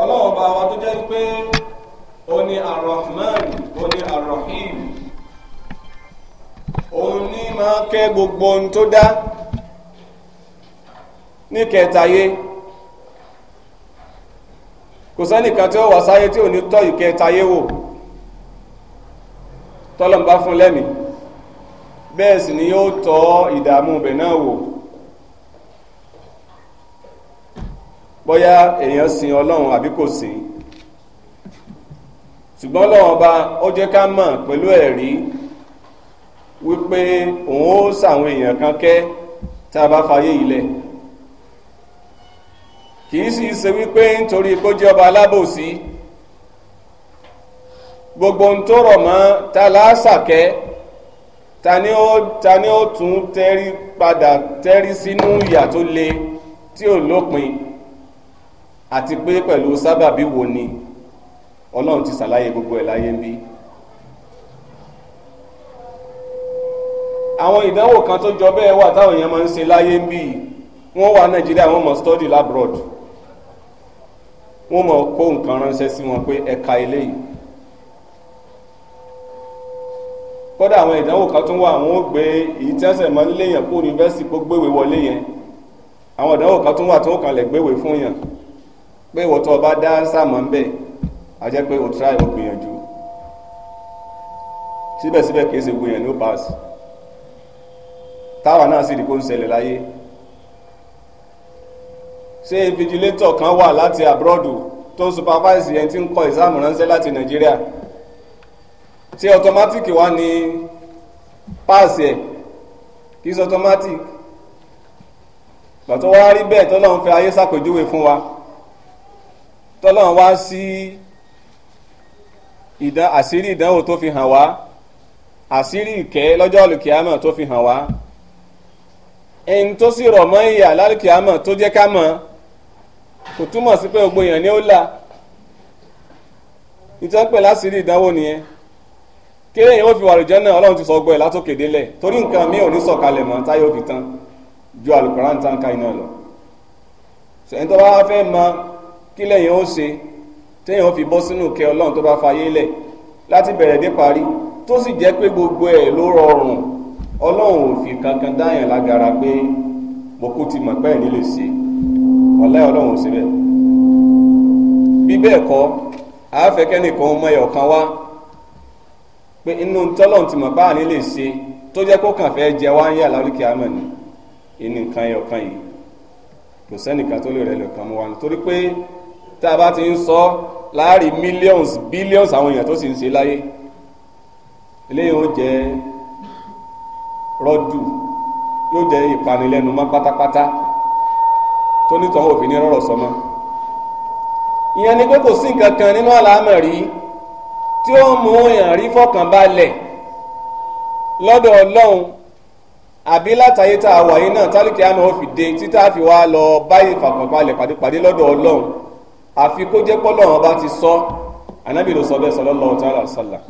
ọlọ́run bá wa tó jẹ́ pé ó ní arrahman ó ní arrahim òun ní máa kẹ́ gbogbo ohun tó dá ní kẹtàyé kò sẹ́nìkan tí ó wà sáyé tí ò ní tọ́ ìkẹtàyé wò tọ́lọ́mbá fún lẹ́mìí bẹ́ẹ̀ sì ni yóò tọ́ ìdààmú ibẹ̀ náà wò. bóyá èèyàn sin ọlọ́run àbí kò sin ṣùgbọ́n ọlọ́run ọba ó jẹ́ ká mọ̀ pẹ̀lú ẹ̀rí wípé òun ó sàwọn èèyàn kan kẹ́ tá a bá fayé ilẹ̀ kì sì ṣe wípé nítorí kó jẹ́ ọba alábòsí gbogbo ohun tó rọ̀ mọ́ ta láásàkẹ́ ta ni ó ta ni ó tún tẹ́rí padà tẹ́rí sínú ìyà tó le tí ò lópin àti pé pẹ̀lú sábàbí wo ni ọlọ́run ti ṣàlàyé gbogbo ẹ̀ láyé ń bí. àwọn ìdánwò kan tó jọ bẹ́ẹ̀ wà táwọn èèyàn máa ń ṣe láyé ń bí wọ́n wà nàìjíríà wọ́n mọ̀ study labroad wọ́n mọ̀ kó nǹkan ránṣẹ́ sí wọn pé ẹ̀ka eléyìí kódà àwọn ìdánwò kan tún wà àwọn ò gbé èyí tí wọ́n sẹ̀ máa ń léèyàn kó yunifásitì kó gbéwèé wọlé yẹn àwọn ìdánwò kan tún wà tó kàn lè gbéwèé fún yàn pé ìwọ̀tọ̀ ọba dá sáàmọ́ ń bẹ̀ a jẹ́ pé o try o gbìyànjú síbẹ̀síbẹ̀ kìí ṣe gbìyànjú ló pass táwa náà sì rí kó ń ṣẹlẹ̀ láyé ṣé invigilator kan wà láti abroad tó ń supervise yẹn tí ń kọ ìsáàmù ránṣẹ́ láti nàìjíríà ṣé automatic wá ní pass ẹ̀ kìí ṣe automatic gbàtọ́ wá rí bẹ́ẹ̀ tọ́lọ́run fẹ́ ayé ṣàpèjúwe fún wa tọ́lọ́run wá sí ìdán àṣírí ìdánwò tó fi hàn wá àṣírí ìkẹ́ lọ́jọ́ àlùkìyámọ̀ tó fi hàn wá ẹni tó sì rọ̀ mọ́ ìyà lálùkìyámọ̀ tó jẹ́ ká mọ̀ kò túmọ̀ sí pé gbogbo èèyàn ni ó là nítorí pé láṣírí ìdánwò nìyẹn kéré yìí ó fi wàlùjẹ́ náà ọlọ́run ti sọ ọgbọ́ ẹ̀ látòkè délẹ̀ torí nǹkan mi ò ní sọ̀kalẹ̀ mọ́ táyé òbí tán ju àlùkùránì tán ká iná lọ ṣẹ̀yìn tó bá wá fẹ́ mọ̀ kí lẹ́yìn ó ṣe téèyàn fi bọ́ sínú kẹ ọlọ́run tó bá fayé lẹ̀ láti bẹ̀rẹ̀ dé parí tó sì jẹ́ pé gbogbo ẹ̀ ló rọrùn ọlọ́run ò fi kankan dáyàn lágara pé mo kú ti mọ̀ pé ẹ̀ nílé ṣe wàláì ọlọ́run ò síbẹ̀ bí bẹ́ẹ̀ kọ́ àáfẹ́kẹ́nìkan mọ ẹ̀ ọ̀kan wá pé inú tọ́lọ́run ti mọ̀ pé àní lè ṣe tó jẹ́ kó kàn fẹ́ jẹ wá ń yà láríkì àmọ̀ ni ìnìkan ẹ̀ ọ̀kan yìí kò sẹ́nìkan tó lè rẹ̀ lọ̀kan mọ́ wa nítorí pé tá a bá ti ń sọ láàrin millions billions àwọn èèyàn tó sì ń ṣe láyé eléyìí ó jẹ rọdù yóò jẹ ìpanilẹ́nu mọ́ pátápátá tó nítorí òfin ní rọrọ sọmọ ìyẹn ni pé kò sí nǹkan kan nínú àlámọ̀rí tí ó mú èèyàn rí fọkànbalẹ̀ lọ́dọ̀ Ọlọ́run àbí látàyé tá a wà yìí náà tálíkì àmọ́ ó fi dé títà fi wá lọ báyìí fàkànbalẹ̀ pàdé pàdé lọ́dọ̀ Ọlọ́run àfi kó jẹ́ pé Ọlọ́run bá ti sọ anábì ló sọ bẹ́ẹ̀ sallallahu ta'ala sallam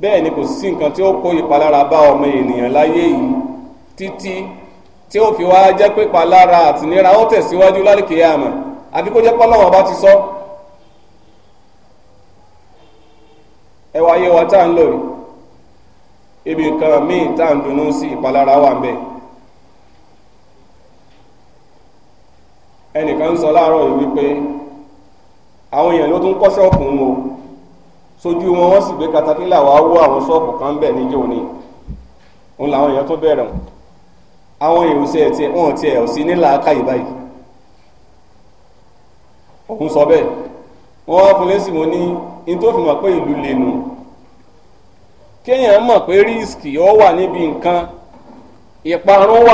bẹ́ẹ̀ ni kò sí nǹkan tí ó kó ìpalára bá ọmọ ènìyàn láyé yìí títí tí ó fi wá jẹ́ pé ìpalára àtìníra ó tẹ̀síwájú lálùkè àmọ́ àfi kó jẹ́ pé Ọlọ́run bá ti sọ ẹ wá yé wa tá à ń lò yìí ibi nǹkan míì tá à ń dunnú sí ìpalára wà ń bẹ ẹnìkan ń sọ láàárọ̀ yìí wípé àwọn èèyàn ló tún kọ́ ṣọ́ọ̀pù ń o sójú wọn wọ́n sì gbé katakílà wá wó àwọn kan bẹ̀ níjó ni òun làwọn èèyàn tó bẹ̀rẹ̀ wọn àwọn èèyàn ṣe ẹ̀ tiẹ̀ wọn tiẹ̀ ò sí nílà káyì báyìí òun sọ bẹ́ẹ̀ wọ́n wá fún lẹ́sìn wọn ní tó fi mọ̀ pé ìlú lè nù kéèyàn mọ̀ pé rísìkì wà níbi nǹkan ìparun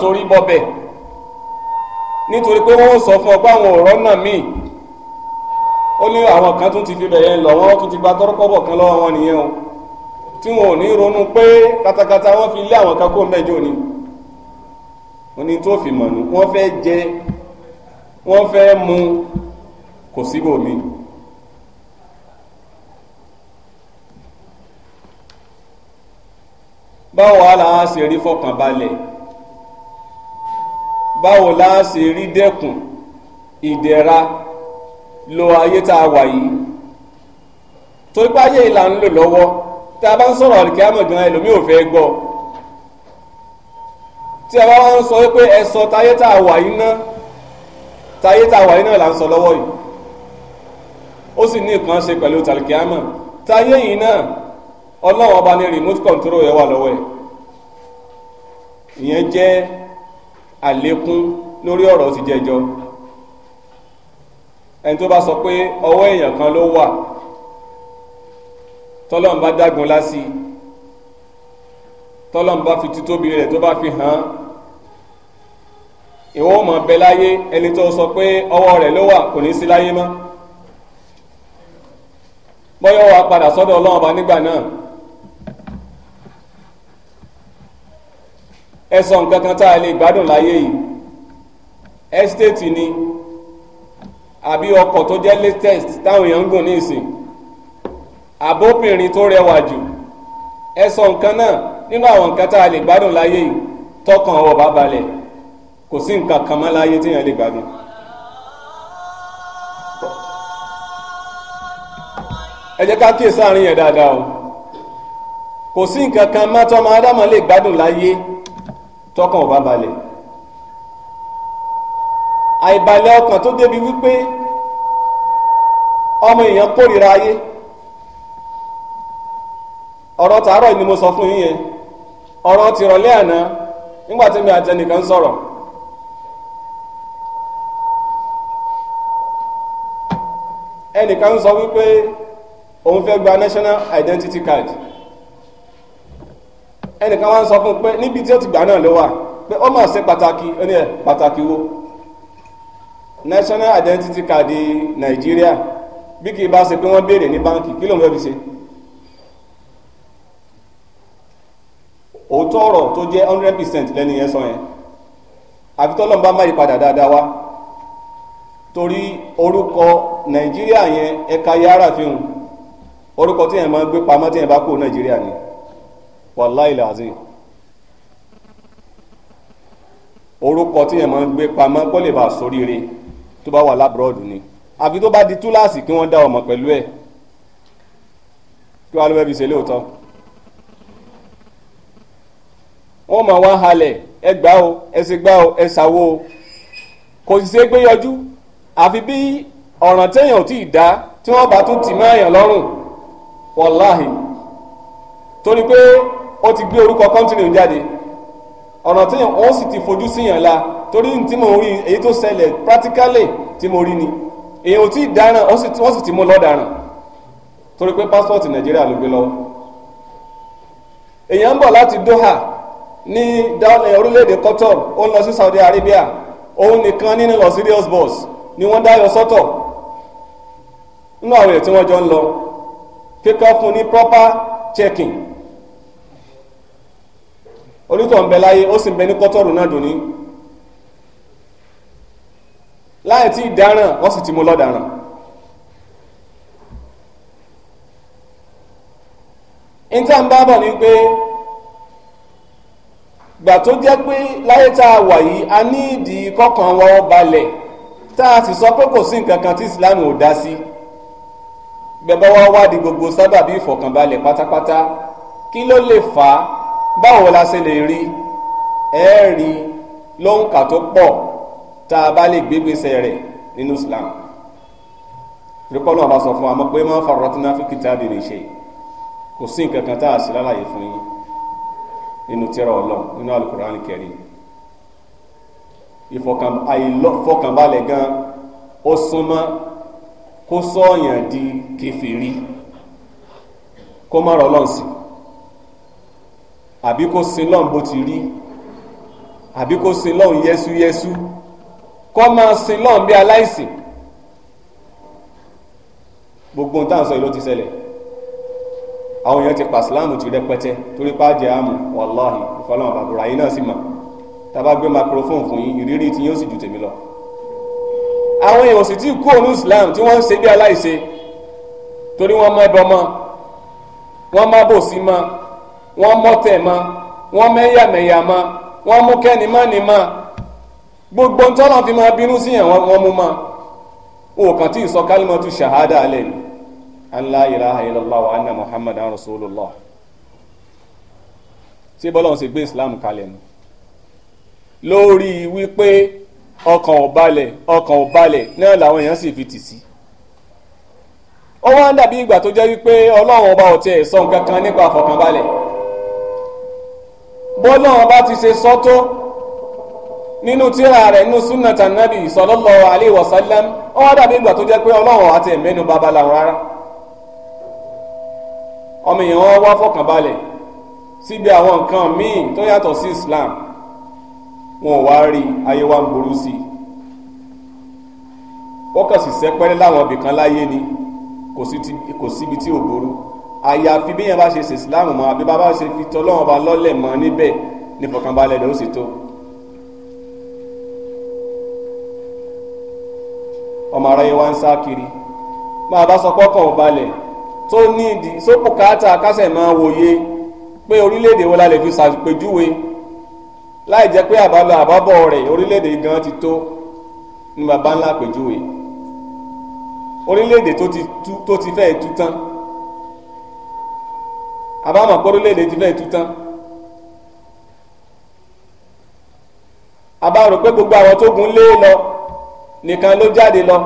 torí nítorí pé wọ́n sọ fún ọ pé àwọn ó ní àwọn kan tún ti fi bẹ̀yẹ lọ wọ́n tún ti gba tọ́rọ́kọ́bọ̀ kan lọ́wọ́ wọn nìyẹn o tí wọn ò ní ronú pé katakata wọ́n fi lé àwọn kan kó mẹ́jọ ni wọ́n ní tó fi mọ̀ nù wọ́n fẹ́ jẹ wọ́n fẹ́ mu kò síbòmí. báwo a la ṣe rí fọkànbalẹ̀ báwo la ṣe rí dẹ́kun ìdẹ̀ra. lo ayé tá a wà yìí torí pé ayé ìlà ń lò lọ́wọ́ tá a bá ń sọ̀rọ̀ àlìkíyàmọ̀ gan ẹlòmíì ò fẹ́ gbọ́ tí a bá wá ń sọ pé ẹ táyé tá a wà yìí ná táyé tá a wà yìí náà là ń sọ lọ́wọ́ yìí ó sì ní ìkan ṣe pẹ̀lú táyé yìí náà ọlọ́run ọba ní remote control yẹn wà lọ́wọ́ ẹ̀ ìyẹn jẹ́ àlékún lórí ọ̀rọ̀ ti jẹjọ́ ẹni tó bá sọ pé ọwọ́ èèyàn kan ló wà tọ́lọ́n bá dágun lásì tọ́lọ́n bá fi títóbi rẹ̀ tó bá fi hàn án ìwọ ọmọ bẹ láyé ẹni tó sọ pé ọwọ́ rẹ̀ ló wà kò ní sí láyé mọ́ bọ́yọ̀ wá padà sọ́dọ̀ ọlọ́run ọba nígbà náà ẹ sọ nǹkan kan tá a lè gbádùn láyé yìí ẹ́stéètì ni àbí ọkọ̀ tó jẹ́ latest táwọn èèyàn ń gùn ní ìsìn àbóbìnrin tó rẹwà jù ẹ sọ nǹkan náà nínú àwọn nǹkan tá a lè gbádùn láyé yìí tọkàn ọwọ́ bá balẹ̀ kò sí nǹkan kan mọ́ láyé téèyàn lè gbádùn. ẹ jẹ́ ká kíyèsí àárín yẹn dáadáa o kò sí nǹkan kan mọ́ tọ́mọ adámọ̀ lè gbádùn láyé tọkàn ọba balẹ̀ àìbalẹ̀ ọkàn tó débi wípé ọmọ èèyàn kórìíra ayé ọ̀rọ̀ tàárọ̀ ni mo sọ fún yín yẹn ti tìrọ̀lẹ́ àná nígbà mi àtẹnìkan sọ̀rọ̀ ẹnìkan sọ wípé òun fẹ́ gba national identity card ẹnìkan wá ń sọ fún pé níbi tí ó ti gbà náà ló wà pé ó mà ṣe pàtàkì bí kì í bá ṣe pé wọ́n béèrè ní báǹkì kí ló ń fẹ́ fi ṣe. òótọ́ ọ̀rọ̀ tó jẹ́ hundred percent lẹ́nu yẹn sọ yẹn àfi tọ́lọ́n bá má yí padà dáadáa wá torí orúkọ nàìjíríà yẹn ẹ̀ka yàrá fi hàn orúkọ tí yẹn máa gbé pamọ́ tí yẹn bá kó ni wàláì làzí orúkọ tí yẹn máa gbé pamọ́ kó lè bá sóríire tó bá wà ni. àfi tó bá di túláàsì kí wọ́n dá ọmọ pẹ̀lú ẹ̀ kí wọ́n ló bẹ́ẹ̀ fi ṣe lóòótọ́ wọ́n máa wá halẹ̀ ẹ gbá o ẹ sì gbá o ẹ ṣàwo o kò sì ṣe é gbé yọjú àfi bí ọ̀ràn téèyàn ò tí ì dá tí wọ́n bá tún tì mọ́ èèyàn lọ́rùn wàláhì torí pé ó ti gbé orúkọ kọ́ńtínì jáde ọ̀ràn téèyàn ó sì ti fojú síyàn la torí tí mo rí èyí tó ṣẹlẹ̀ practically tí mo rí ni. èyàn ò tí ì dáràn wọ́n sì ti mú lọ́daràn torí pé pásítọ̀tì nàìjíríà ló gbé lọ́wọ́ èyàn ń bọ̀ láti Doha ní eh, orílẹ̀-èdè Qatar ó ń lọ sí Saudi Arabia òun nìkan nínú lọ serious bus ni wọ́n yọ sọ́tọ̀ nínú àwọn èèyàn tí wọ́n jọ ń lọ kíkọ́ fún ní proper checking onítọ̀ ń bẹ láyé ó sì ń bẹ ní Qatar náà dùn ní. láì tí ì dáràn wọ́n sì ti mú lọ́daràn níta ń bá bọ̀ ni pé gbà tó jẹ́ pé láyé tá a wà yìí a ní ìdí kọ́kàn wọ́n balẹ̀ tá a sì sọ pé kò sí nǹkan kan tí Islam ò dá sí bẹ́ẹ̀ wá wádìí gbogbo sábàbí ìfọ̀kànbalẹ̀ pátápátá kí ló lè fà á báwo la ṣe lè rí ẹ̀ẹ́rì lóǹkà tó pọ̀ tá a bá lè gbégbèsè rẹ̀ nínú islam rìpọ́lọ́ ọba sọ fún wa mọ̀ pé má farratna fi kitabi min shay kò sí nǹkan kan tá a sì lálàyé fún yín nínú tírà ọlọ́run nínú alukur'an kẹrin ìfọkànbalẹ̀ gan ó súnmọ́ kó sọ̀yàn di kèfèrí kó má rọ̀ ọlọ́run sí àbí kó sin lọ́n bó ti rí àbí kó sin lọ́n yẹ́súyẹ́sú kọ́ máa sin lọ́n bí aláìsí gbogbo nǹkan sọ yìí ló ti ṣẹlẹ̀ àwọn èèyàn ti pa síláàmù ti rẹpẹtẹ torí pàjẹ́ àmù wàláhì ìfọlọ́wọ́n bàbúrà yìí náà sì mà tábà gbé microphone fún yín ìrírí tí yóò sì ju tèmi lọ àwọn èèyàn sì ti kú òun islam tí wọ́n ń ṣe bí aláìṣe torí wọ́n mọ ẹbọ mọ́ wọ́n má bòsí mọ́ wọ́n mọ́tẹ̀ mọ́ wọ́n mẹ́yàmẹ̀yà mọ́ wọ́n mú kẹ́ni mọ́ ni mọ́ gbogbo ń tọ́lọ̀ fi máa bínú sí ẹ̀wọ̀n wọn mú máa wọn kàn tí ì sọ kálímọ́tù ṣàhádà alẹ́ ni an la ilaha illallah wa anna muhammadan rasulullah ṣé bọ́lá wọn sì gbé islam kalẹ̀ nù lórí wípé ọkàn ò balẹ̀ ọkàn ò balẹ̀ náà làwọn èèyàn sì fi tì sí ó wá ń dàbí ìgbà tó jẹ́ wípé ọlọ́run ọba ò sọ nǹkan kan nípa àfọkànbalẹ̀ bọ́lá wọn ti ṣe sọ́tọ́ nínú tíra rẹ̀ nínú sunnata nabi sallallahu alayhi wa sallam ó wá dàbí ìgbà tó jẹ́ pé ọlọ́run àti ẹ̀mẹ́nu bàbá làwọn rárá ọmọ èèyàn wọn wá fọkànbalẹ̀ síbi àwọn nǹkan míì tó yàtọ̀ sí islam wọn ò wá rí ayé wa ń burú sí i wọ́n kàn sì sẹ́pẹ́rẹ́ láwọn ibìkan láyé ni kò síbi tí ò burú àyàfi bí yẹn bá ṣe ṣe islam mọ́ àbí bá bá ṣe fi tọ́lọ́wọ́n ba lọ́lẹ̀ mọ́ níbẹ̀ nífọ̀kànbalẹ̀ rẹ̀ ó ọmọ ara yẹn wá kiri ma ba sọ pọ́kàn ò balẹ̀ tó ní ìdí sóbùkátà kásẹ̀ máa wòye pé orílẹ̀-èdè wo la lè fi ṣàpèjúwe láì jẹ́ pé àbálọ àbábọ̀ rẹ̀ orílẹ̀-èdè gan ti tó ní baba ńlá pèjúwe orílẹ̀-èdè tó ti fẹ́ tú tán àbámọ̀ pé orílẹ̀-èdè ti fẹ́ tú tán àbá rò pé gbogbo àwọn tó gun lé lọ. nìkan ló jáde lọ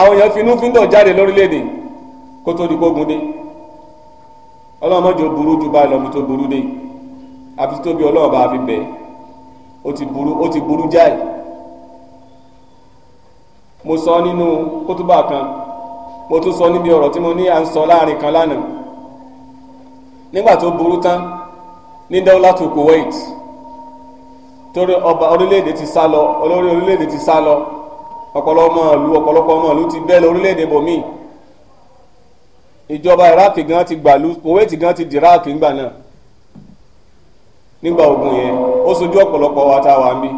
àwọn èèyàn finúfíndọ̀ jáde lórílẹ̀‐èdè kó tó di gbógun dé ọlọ́mọdé ó burú ju báyìí lọ́mọ tó burú dé àfi tóbi ọlọ́run bá fi bẹ̀ ó ti burú ó ti burú jáì mo sọ nínú kótóbà kan mo tún sọ níbi ọ̀rọ̀ tí mo ní à ń sọ láàrin kan lánàá nígbà tó burú tán ní dọ́là tó Kuwait torí ọba orílẹ̀-èdè ti sá lọ olórí orílẹ̀-èdè ti sá lọ ọ̀pọ̀lọpọ̀ ọmọlú ọ̀pọ̀lọpọ̀ ọmọlú ti bẹ́ẹ̀ lọ orílẹ̀-èdè bòmí ìjọba iraq gan ti gbàlú kuwait gan ti di iraq ńgbà náà nígbà ogun yẹn ó sojú ọ̀pọ̀lọpọ̀ wa tá a wà ń bí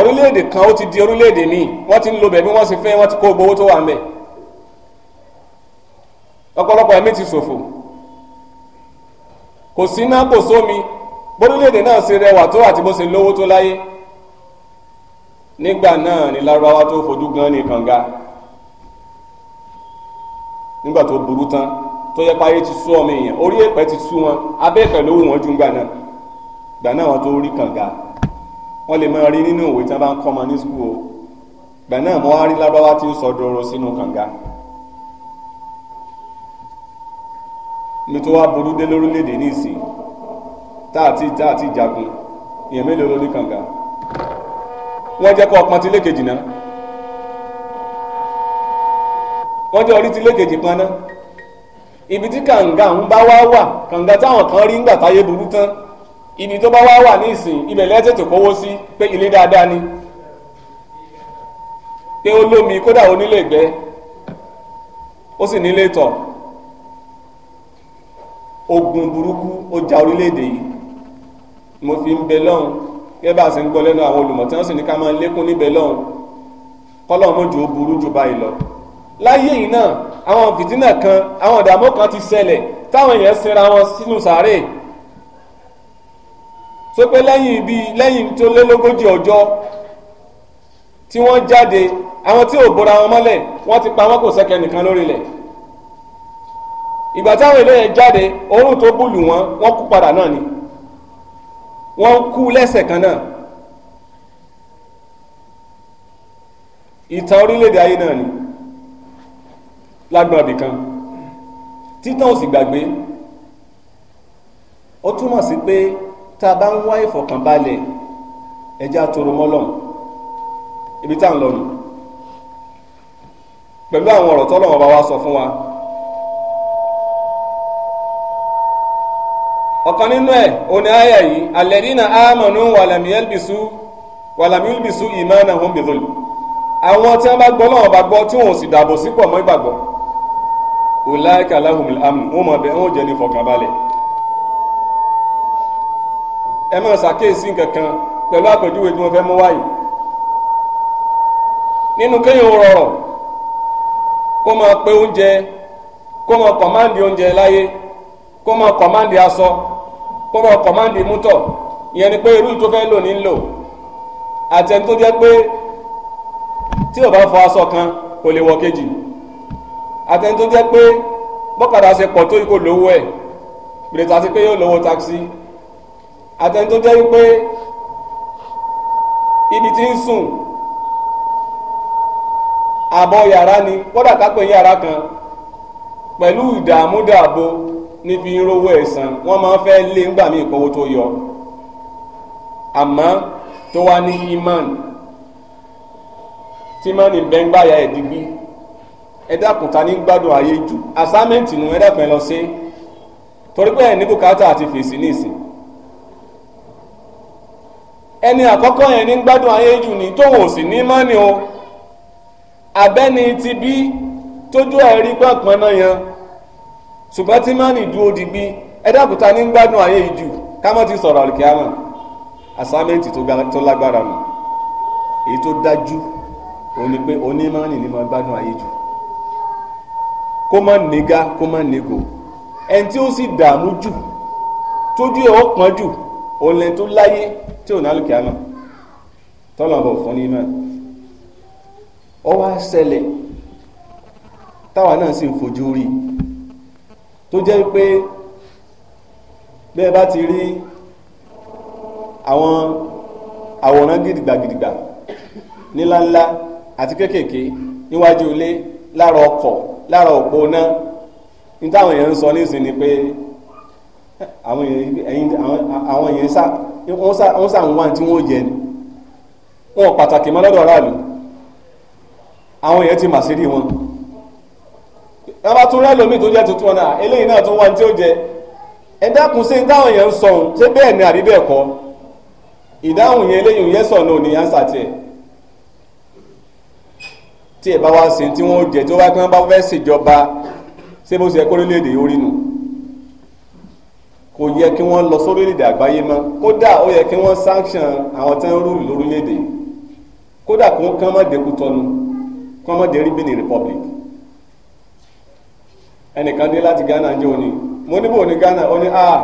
orílẹ̀-èdè kan ó ti di orílẹ̀-èdè míì wọ́n ti ń lo bẹ̀bí wọ́n sì fẹ́ wọ́n ti kó gbowó tó wà ń bẹ̀ ọ̀pọ̀lọpọ̀ ẹ̀mí ti ṣòfò kò sí náà kò sómi bórílẹ̀èdè náà ṣe rẹwà tó àti bó ṣe lówó tó láyé nígbà náà ni lárúbáwá tó fojú gan ní kànga nígbà tó burú tán tó yẹ páyé ti sú ọmọ èèyàn orí èpẹ ti sú wọn abẹ́ ìpẹ́ ló wù wọ́n ju gbà náà gbà náà wọn tó rí kànga wọ́n lè máa rí nínú ìwé tí wọ́n bá ń kọ́ ọmọ ní sukùl o gbà náà mo wá rí lárúbáwá tí ń sọ dòrò sínú kànga. nítorí wá burú dé lórílẹ̀‐èdè ní ìsìn táàtì táàtì jagun èèyàn mélòó ló ní kànga wọ́n jẹ́ kó ọpọn ti lékejì náà wọ́n jẹ́ orí ti lékejì paná ibi tí kànga ń bá wá wà kànga táwọn kan rí ńgbà táyé burú tán ibi tó bá wá wà ní ìsìn ibẹ̀ lẹ́tẹ̀tẹ̀ kówó sí pé ilé dáadáa ni pé ó lómi kódà onílé gbẹ ó sì nílé tọ̀ ogun burúkú ó ja orílẹ̀-èdè yìí mo fi ń bẹ lọ́hùn gẹ́gẹ́ bá a sì ń gbọ́ lẹ́nu àwọn olùmọ̀ tí wọ́n sì ní ká máa lékún níbẹ̀ lọ́hùn kọ́lọ́ mọ́jọ́ burú jù báyìí lọ. láyé yìí náà àwọn fìtínà kan àwọn ìdààmú kan ti ṣẹlẹ̀ táwọn èèyàn sinra wọn sínú sàárè tó pé lẹ́yìn bíi lẹ́yìn tó lé lógójì ọjọ́ tí wọ́n jáde àwọn tí ò bora wọn mọ́lẹ̀ wọ́n ti pa wọn kò sẹ́kẹ̀ nìkan lórílẹ̀ ìgbà táwọn eléyẹn jáde òórùn tó búlù wọn wọ́n kú padà náà ni wọ́n kú lẹ́sẹ̀ kan náà ìtàn orílẹ̀-èdè ayé náà ni lágbọ́n ibìkan títàn ò sì gbàgbé ó túmọ̀ sí pé tá a bá ń wá ìfọ̀kànbalẹ̀ ẹja toro mọ́lọ̀ ibi tá à ń lọ nù pẹ̀lú àwọn ọ̀rọ̀ tọ́lọ́wọ́n bá wá sọ fún wa. ọ̀kan nínú ẹ̀ òní àyà yìí alladina amanu wàlàmílbìsù imanahum bidhulm àwọn tí wọ́n bá gbọ́ lọ́wọ́ bá gbọ́ tí wọ́n sì dàbò sí pọ̀ mọ́ ìgbàgbọ́ ulaika lahumul amn wọ́n mọ̀ bẹ́ẹ̀ wọ́n jẹ́ ní fọkànbalẹ̀ ẹ mọ̀ ṣàkíyèsí kankan pẹ̀lú àpèjúwe tí wọ́n fẹ́ mú wáyé nínú kéèyàn rọrọ̀ kó máa pé oúnjẹ kó máa kọ̀máǹdì oúnjẹ láyé kó máa kọ̀máǹdì aṣọ kó mọ kọ̀máǹdì mútọ̀ ìyẹn ni pé irú ìtó fẹ́ lò ní lò àti ẹni tó jẹ́ pé tí ò bá fọ aṣọ kan kò lè wọ kejì àti ẹni tó jẹ́ pé bọ́kadà ṣe pọ̀ tó yìí kò lówó ẹ̀ gbèrètà sí pé yóò lówó takisí àti ẹni tó jẹ́ pé ibi tí ń sùn àbọ̀ yàrá ni kódà ká pè yàrá kan pẹ̀lú ìdààmú dààbò níbi rówó ẹ̀sán wọ́n máa ń fẹ́ lé ńgbà míì kówó tó yọ àmọ́ tó wá ní imán tí mọ́nì bẹ́ńgbàyà ẹ̀ digbí ẹ dákun ta ní gbádùn ayé jù assignment nù ẹ dákun ẹ lọ sí torí pé ẹ bùkátà àti fèsì ní ẹni àkọ́kọ́ yẹn ní gbádùn ayé jù ní tóun sì ní mọ́nì o abẹ́ni ti bí tójú ẹ̀rí gbọ̀ngbọ̀n náà yan ṣùgbọ́n tí di ẹ̀dàkùtà ní gbádùn ayé ìjù kámọ́ ti sọ̀rọ̀ àlùkìyàmọ̀ àsámẹ́ǹtì tó lágbára nù èyí tó dájú ni pé onímánì ni gbádùn ayé jù kó má nígá kó má nígò ẹni tí ó sì dààmú jù tójú ẹ̀ ó pọ́n jù òun lẹ́ni tó láyé tí ò ní fún ní mánì ó wá ṣẹlẹ̀ táwa náà sì ń fojú tó jẹ́ pé bẹ́ẹ̀ bá ti rí àwọn àwòrán gidigbagidigba níláńlá àti kéékèèké níwájú ilé lára ọkọ̀ lára òpó náà ní táwọn èèyàn ń sọ nísìnyí ni pé àwọn èèyàn sá wọ́n sá ń tí wọ́n jẹ ni wọ́n pàtàkì mọ́ lọ́dọ̀ aráàlú àwọn èèyàn ti mà sí rí wọn ẹ bá tún rẹ́lòmíì tó jẹ́ tuntun náà eléyìí náà tún wá ní tí ó jẹ ẹ dákun sí táwọn èèyàn ń sọ òun ṣé bẹ́ẹ̀ ni àbí bẹ́ẹ̀ kọ́ ìdáhùn yẹn eléyìí yẹn sọ̀nà òní yánsà tiẹ̀ tí ẹ bá wá sí tí wọ́n jẹ tí wọ́n bá kí wọ́n bá fẹ́ ṣèjọba ṣé bó ṣe kórílẹ̀-èdè orí nù kò yẹ kí wọ́n lọ sórílẹ̀-èdè àgbáyé mọ́ kódà ó yẹ kí wọ́n sanction àwọn tí wọ́n rúlù lórílẹ̀-èdè kódà kó kán má dẹ́kun tọ́nu kán má dẹ́rìbìnì republic ẹnìkan dé láti Ghana jẹ́ òní mo níbò ní Ghana ó ní ah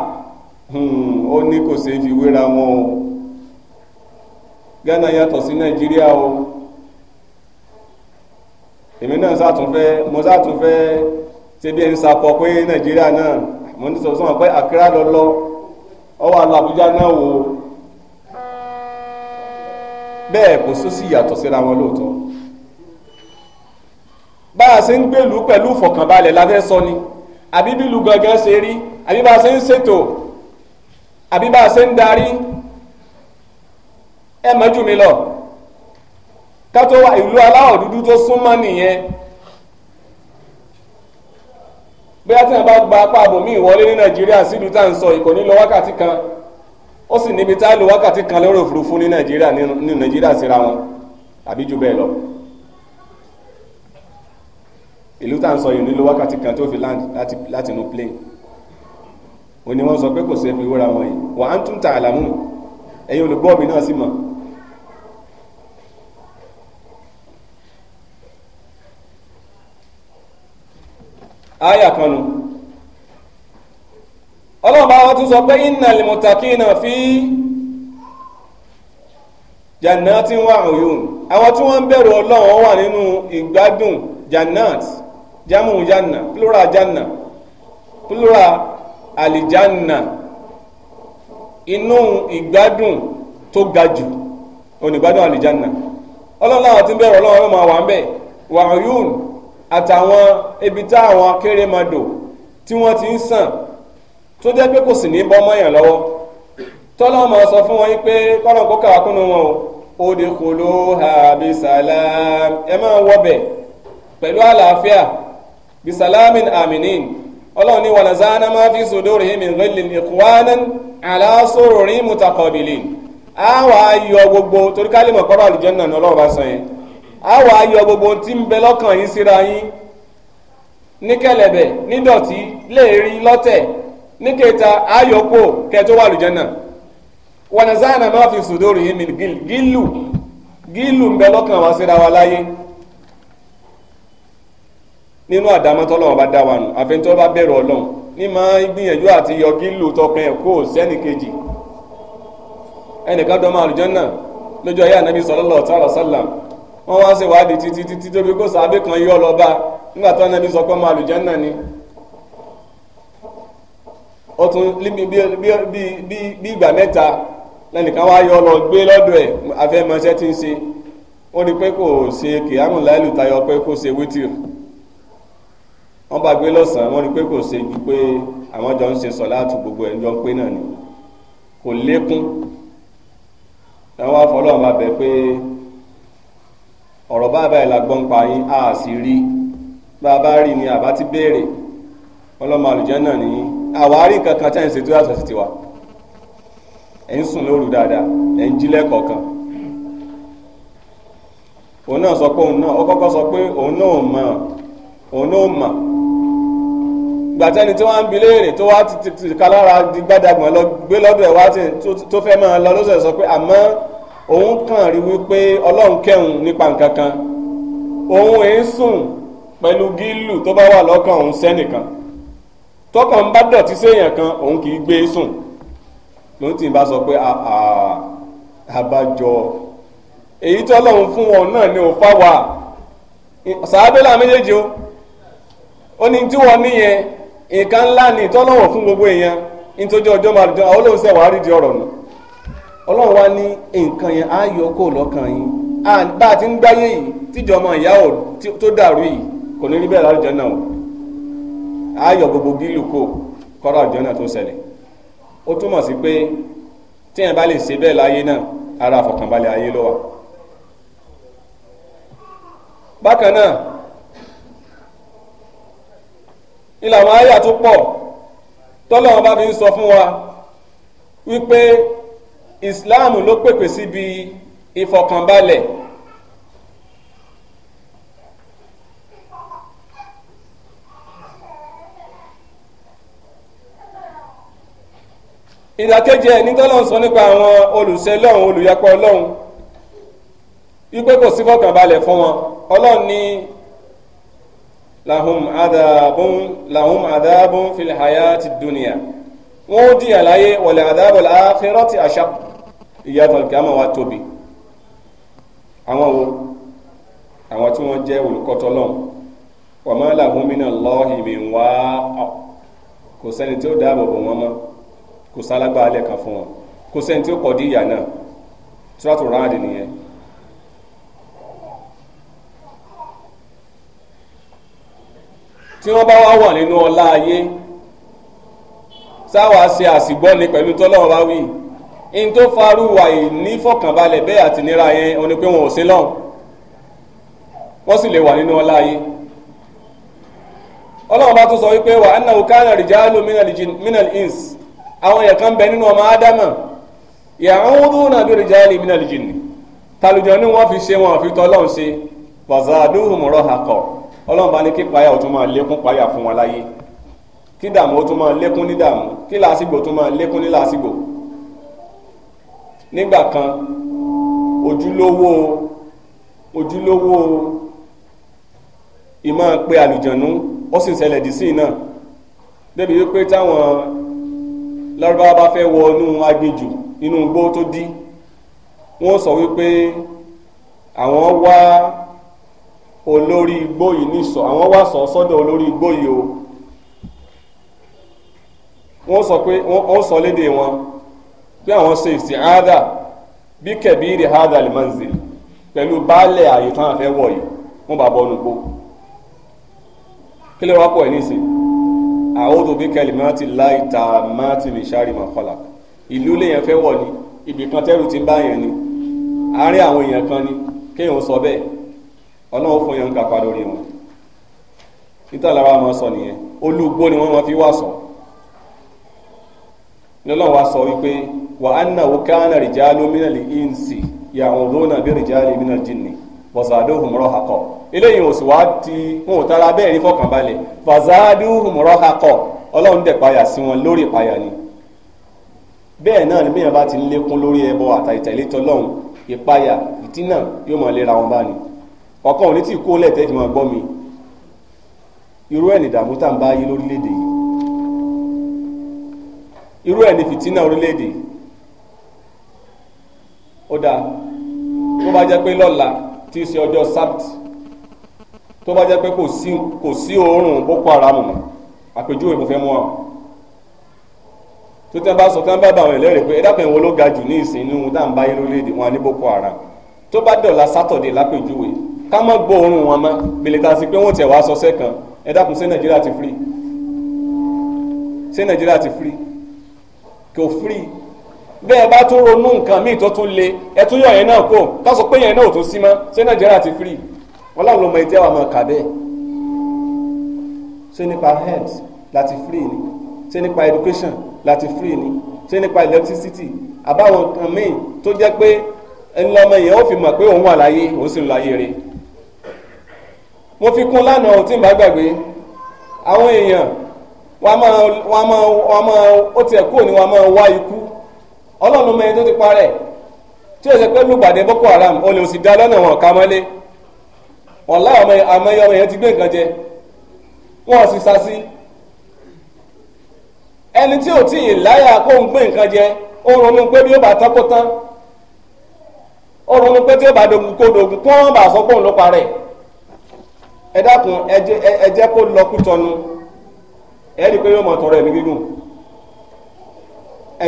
hmm, ó ní kò wọn o Ghana yàtọ̀ sí Nàìjíríà o èmi náà mo sàtúnfẹ́ ṣe ẹni sapọ̀ pé Nàìjíríà náà mo ní sọ̀rọ̀ sọ̀rọ̀ pé Accra lọ ọ wà náà wò kò sósì síra wọn bá a ṣe ń gbèlú pẹ̀lú ìfọ̀kànbalẹ̀ la fẹ́ sọ ni àbí bílù gangan ṣe rí àbí bá a ṣe ń ṣètò àbí bá a ṣe ń darí ẹ mọ́jú mi lọ ká tó wá ìlú aláwọ̀ dúdú tó súnmọ́ nìyẹn bóyá tí wọn bá gba apá àbòmíì wọlé ní nàìjíríà sílùú tá à ń sọ ìkànnì lọ wákàtí kan ó sì níbi tá a lo wákàtí kan lórí òfurufú ní nàìjíríà ní nàìjíríà síra wọn àbí jù bẹ́ẹ̀ lọ. ìlú tá à ń sọ yìí nílò wákàtí kan tó fi land láti inú plane òní wọ́n sọ pé kò sí ẹbí wúra wọn yìí wà á ń tún ta àlàmú ẹ̀yin olùgbọ́ mi náà sì mọ̀ àyà kan nu ọlọ́run bá wọn tún sọ pé innal muttaqina fi jannatin wa uyun àwọn tí wọ́n ń bẹ̀rù ọlọ́run wà nínú ìgbádùn jannat jamu janna plural janna plural alijanna inú ìgbádùn tó ga jù onígbádùn alijanna ọlọ́run àwọn tí ń bẹ̀rù ọlọ́run ọmọ wa ń bẹ̀ wàhùn àtàwọn ibi tá àwọn akérèmọdò tí wọ́n ti ń sàn tó jẹ́ pé kò sì ní bọ́ mọ́yàn lọ́wọ́ tọ́lọ́ mọ̀ sọ fún wọn pé kọ́lọ̀ kó kàwá kúnnú wọn o òde kò ló ha bí sàlám ẹ máa wọbẹ̀ pẹ̀lú àlàáfíà bisalamin aminin ọlọ́run ní wàlàzánà máa fi sòdórí mi rẹ̀lẹ̀ ìkúwánán aláṣọ́rọ̀rí mutakọ̀bìlì àwa ayọ̀ gbogbo torí ká lè mọ̀ kọ́rọ̀ àlùjànnà náà lọ́wọ́ bá sọ yẹn àwa ayọ̀ gbogbo tí ń bẹ lọ́kàn yín síra yín ní kẹ̀lẹ̀bẹ̀ nídọ̀tí léèrí lọ́tẹ̀ níkẹta ayọ̀pọ̀ kẹtó wà àlùjànnà wàlàzánà máa fi sòdórí mi gílù gílù ń bẹ lọ́kàn wá síra wa láyé nínú àdámọ́ tọ́lọ́wọ́n bá dá wa nù àfẹ́ntọ́ bá bẹ̀rù ọlọ́run ní máa ń gbìyànjú àti yọ gílù tọpin ẹ̀kọ́ sẹ́nì ẹnìkan dọ́mọ àlùjànnà lójú ayé ànábi sallam wọ́n wá ṣe wádìí títí títí tóbi kó sàábé kan yọ lọ bá nígbà tó ànábi sọ pé ọmọ ni ó tún bí ìgbà mẹ́ta lẹ́nìkan wá yọ lọ gbé lọ́dọ̀ ẹ̀ wọ́n bá gbé lọ́sàn-án wọ́n rí pé kò ṣe ju pé àwọn jọ ń ṣe sọ láti gbogbo ẹ̀ pé náà ni kò lékún làwọn afọlọ́wọ́n bá bẹ̀ pé ọ̀rọ̀ báyìí báyìí la gbọ́n pa yín a sì rí bá a bá rí ni àbá ti béèrè ọlọ́mọ àlùjẹ́ náà nìyí àwárí nǹkan kan tẹ́yìn ṣètò àṣà sì ti wà ẹ̀ ń sùn lóru dáadáa ẹ̀ ń jí lẹ́kọ̀ọ̀kan òun náà sọ pé òun náà ó kọ́kọ́ sọ pé òun náà mọ̀ òun náà mọ̀ gbàtẹ́ni tí wọ́n ń bi léèrè tó wá ti kalára di gbàdàgbọ̀n lọ gbé lọ́dọ̀ ẹ̀ wá tó fẹ́ máa lọ lọ́sẹ̀ sọ pé àmọ́ òun kàn rí wípé ọlọ́run kẹ́hùn nípa nǹkan kan òun èé sùn pẹ̀lú gílù tó bá wà lọ́kàn òun sẹ́nìkan tọkàn ń bá dọ̀tí séèyàn kan òun kì í gbé e sùn lóun tì bá sọ pé àbájọ èyí tí ọlọ́run fún wọn náà ni ò fáwà sàábẹ́là méjèèjì o ó ní tí wọ́n níyẹn nǹkan ńlá ni tọ́lọ́wọ̀ fún gbogbo èèyàn nítorí ọjọ́ máa dùn àwọn olóhùn sẹ́wàá rí di ọ̀rọ̀ nù ọlọ́run wa ní nǹkan yẹn á yọ kó lọ́kàn yín bá a ti ń gbáyé yìí tíjọ ọmọ ìyá ò tó dàrú yìí kò ní rí bẹ́ẹ̀ lálùjọ náà o á yọ gbogbo gílù kó kọ́ra àjọ náà tó ṣẹlẹ̀ ó túmọ̀ sí pé téèyàn bá lè ṣe bẹ́ẹ̀ láyé náà ara àfọ̀kànbalẹ̀ ayé ló wà bákan náà ilà àwọn àyà tó pọ̀ tọ́lọ́run bá fi ń sọ fún wa wípé ìsìláàmù ló pèpè síbi ìfọ̀kànbalẹ̀ ìdàkejì ẹ̀ ní tọ́lọ́run sọ nípa àwọn olùṣẹ̀ lọ́hùn olùyẹpọ̀ lọ́hùn wípé kò sí fọ̀kànbalẹ̀ fún wọn ọlọ́run ní lahum adabun lahum adabun fil hayati dunya wọn ó jìyà láyé wal adabu al akhirati ashaq ìyàtọ̀ kìámọ̀ wa tóbi àwọn wo àwọn tí wọ́n jẹ́ olùkọ́tọ̀ lọ́hùn wa ma lahum minallahi min waq kò sẹ́ni tí ó dáàbò bò wọ́n mọ́ kò sálágbá alẹ́ kan fún wọn kò sẹ́ni tí ó kọ̀ dí ìyà náà Suratul Ra'd nìyẹn tí wọ́n bá wá wà nínú ọlá ayé sáwà ṣe àsìgbọ́ni pẹ̀lú tọ́lọ́wọ́ bá wí in tó farúwà ìnífọ̀kànbalẹ̀ bẹ́ẹ̀ àti nira yẹn ó ní pé wọn ò sí lọ́hùn wọ́n sì lè wà nínú ọlá ayé ọlọ́run bá tún sọ wípé wà annahu kana rijalu minal ins àwọn èèyàn kan bẹ nínú ọmọ ádámà ya'uduna bi rijali minal jinni tàlùjọ ni wọ́n fi ṣe wọn àfi tọ́lọ́hùn ṣe fazaduhum rahaqa ọlọ́run bá ní kí páyà ó tún máa lékún páyà fún wọn láyé kí dààmú ó tún máa lékún ní dààmú kí làásìgbò tún máa lékún ní làásìgbò nígbà kan ojúlówó ojúlówó ìmọ̀ pé àlùjànnú ó sì ṣẹlẹ̀ dì sí náà débi wípé táwọn lárúbáwá bá fẹ́ wọ inú aginjù inú igbó tó dí wọ́n sọ wípé àwọn wá. Wa olórí igbó yìí nìsọ àwọn wá sọ sọ́dọ̀ olórí igbó yìí o wọ́n sọ pé wọ́n sọ léde wọn pé àwọn ṣe ìsìnkáàdà bí kẹbíìrì hádà lè máa ń zè pẹ̀lú baálẹ̀ àyè tán àfẹ́ wọ̀ yìí wọ́n bá bọ́nu gbó kí ló wá pọ̀ ẹ̀ nísìn a'udhu bi kalimati llahi tammati min sharri ma khalaq ìlú lèèyàn fẹ́ wọ̀ ni ibì kan tẹ́rù ti ń bá yẹn ni àárín àwọn èèyàn kan ni kéèyàn sọ bẹ́ẹ̀ ọlọ́run fún yẹn ń kápá lórí wọn títà lára wọn sọ nìyẹn ni wọn máa fi wà sọ lọ́lọ́run wa sọ wípé wà á nà wò káànà rìjálù mínàlì ínsì yàwọn lónà bí rìjálù mínàlì jìnnì wọ̀sàdóhùn rọ̀ àkọ́ eléyìí ò wa ti wọn ò tara bẹ́ẹ̀ rí fọkànbalẹ̀ fàzádóhùn rọ̀ àkọ́ ọlọ́run dẹ̀ payà sí wọn lórí ni bẹ́ẹ̀ náà ni bíyàn bá ti ń lékún lórí ẹbọ ìpayà ìtínà yóò lera wọn ọ̀kan òní tí kú ó lẹ́tẹ̀ẹ́ fi gbọ́ mi irú ẹ̀ ní ìdààmú tá à ń bá yí lórílẹ̀‐èdè yìí irú ẹ̀ ní fìtínà orílẹ̀‐èdè ó dáa tó bá jẹ́ pé lọ́la tí í ṣe ọjọ́ sabt tó bá pé kò sí oorun boko haram mọ́ àpèjúwe mo fẹ́ mú àwọn tó tẹ́ bá sọ bá ẹlẹ́rìí pé ìwọ ló ga jù ní ìsìn inú tá à boko haram tó bá dọ̀la lápèjúwe ká má gbọ́ òórùn wọn mọ́ bèlè ta sí pé wọ́n tiẹ̀ wá sọ sẹ́kàn ẹ dákun ṣé nàìjíríà ti free ṣé nàìjíríà ti free kò free bẹ́ẹ̀ bá tún ronú nǹkan míì tó tún le ẹ tún yọ yẹn náà kó ká sọ pé yẹn náà ò tún sí mọ́ ṣé nàìjíríà ti free wọn láwọn ọmọ ìjẹ́wàá máa kà bẹ́ẹ̀ ṣé nípa health láti free ni ṣé nípa education láti free ni ṣé nípa electricity àbáwọn nǹkan míì tó jẹ́ pé ńlọmọ yẹn ó fi mọ̀ pé òun wà láyé òun sì ń láyé rẹ̀ mo fi kún lánà ò tí ń bá gbàgbé àwọn èèyàn wọn máa wọn máa wọn máa ó tiẹ̀ kúrò ní wọn máa wá ikú ọlọ́run mẹ́rin tó ti parẹ́ tí o ṣe pé lùgbàdé boko haram olè ò sì dá lọ́nà wọn ká mọ́lé wọn ọmọ yẹn ti gbé nǹkan jẹ wọn ò sì sá sí ẹni tí láyà kó ń gbé nǹkan jẹ ronú ẹ dákun ẹ jẹ́ kó lọ́kú tọ́nu ẹ rí i pé yóò mọ̀ tọrọ gígùn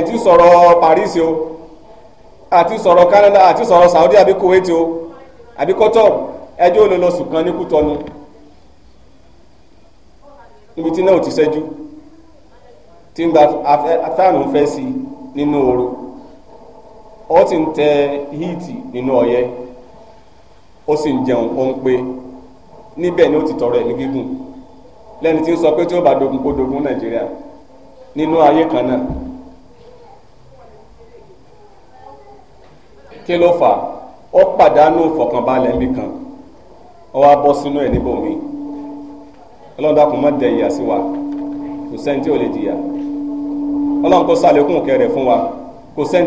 ti sọrọ Paris o àti sọrọ Canada àti Saudi àbí Kuwait o àbí Qatar ẹjọ́ ò lè lọ sùn kan ní kútọ́nu níbi tí náà ò ti ṣẹ́jú tí ń gba afẹ́ràn fẹ́ sí nínú ooru ó ti ń tẹ híìtì nínú ó sì ń jẹun ó ń pé. níbẹ̀ ni ó ti tọrọ ẹ̀mí gígùn lẹ́ni tí ń sọ pé tí ó bá dogun kó dogun nàìjíríà nínú ayé kan náà kí ló fà ó pàdánù fọkànbalẹ̀ níbi kan ó wá bọ́ sínú ẹ̀ níbòmí ọlọ́run dákun má dẹ ìyà sí wa kò sẹ́ni tí ò lè jìyà ọlọ́run kó sàlékún òkè rẹ̀ fún wa kò sẹ́ni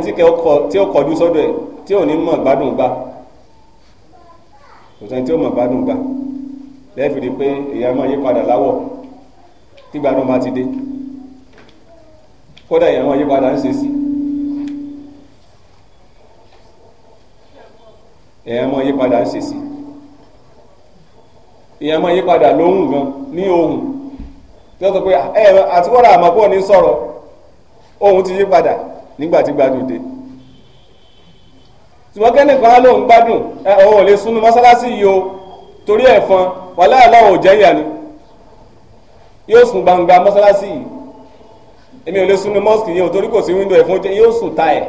tí ó kọjú sọ́dọ̀ ẹ̀ tí ò ní mọ̀ gbádùn gbà kò sẹ́ni tí ó mọ̀ gbádùn gbà. lẹ́ẹ̀fì rí pé èèyàn máa yí padà láwọ̀ tígbà náà máa ti dé kódà èèyàn máa yí padà ń ṣe sí èèyàn máa yí padà ń ṣe sí èèyàn máa yí padà lóhùn gan ní ohùn tí wọ́n sọ pé ẹ àti wọ́n àmọ́ pọ̀ ní sọ̀rọ̀ ohùn ti yí padà nígbà tí gbádùn dé ṣùgbọ́n kẹ́nìkan á lóun gbádùn ẹ ò lè mọ́sálásí yìí o. torí ẹ̀fọn wàhálà aláwọ̀ òjẹ́yà ni yóò sùn gbangba mọ́sálásí yìí èmi ò lè sùn ní mọ́sìkì yẹn ò torí kò sí wíńdò ẹ̀fọn yóò sùn ta ẹ̀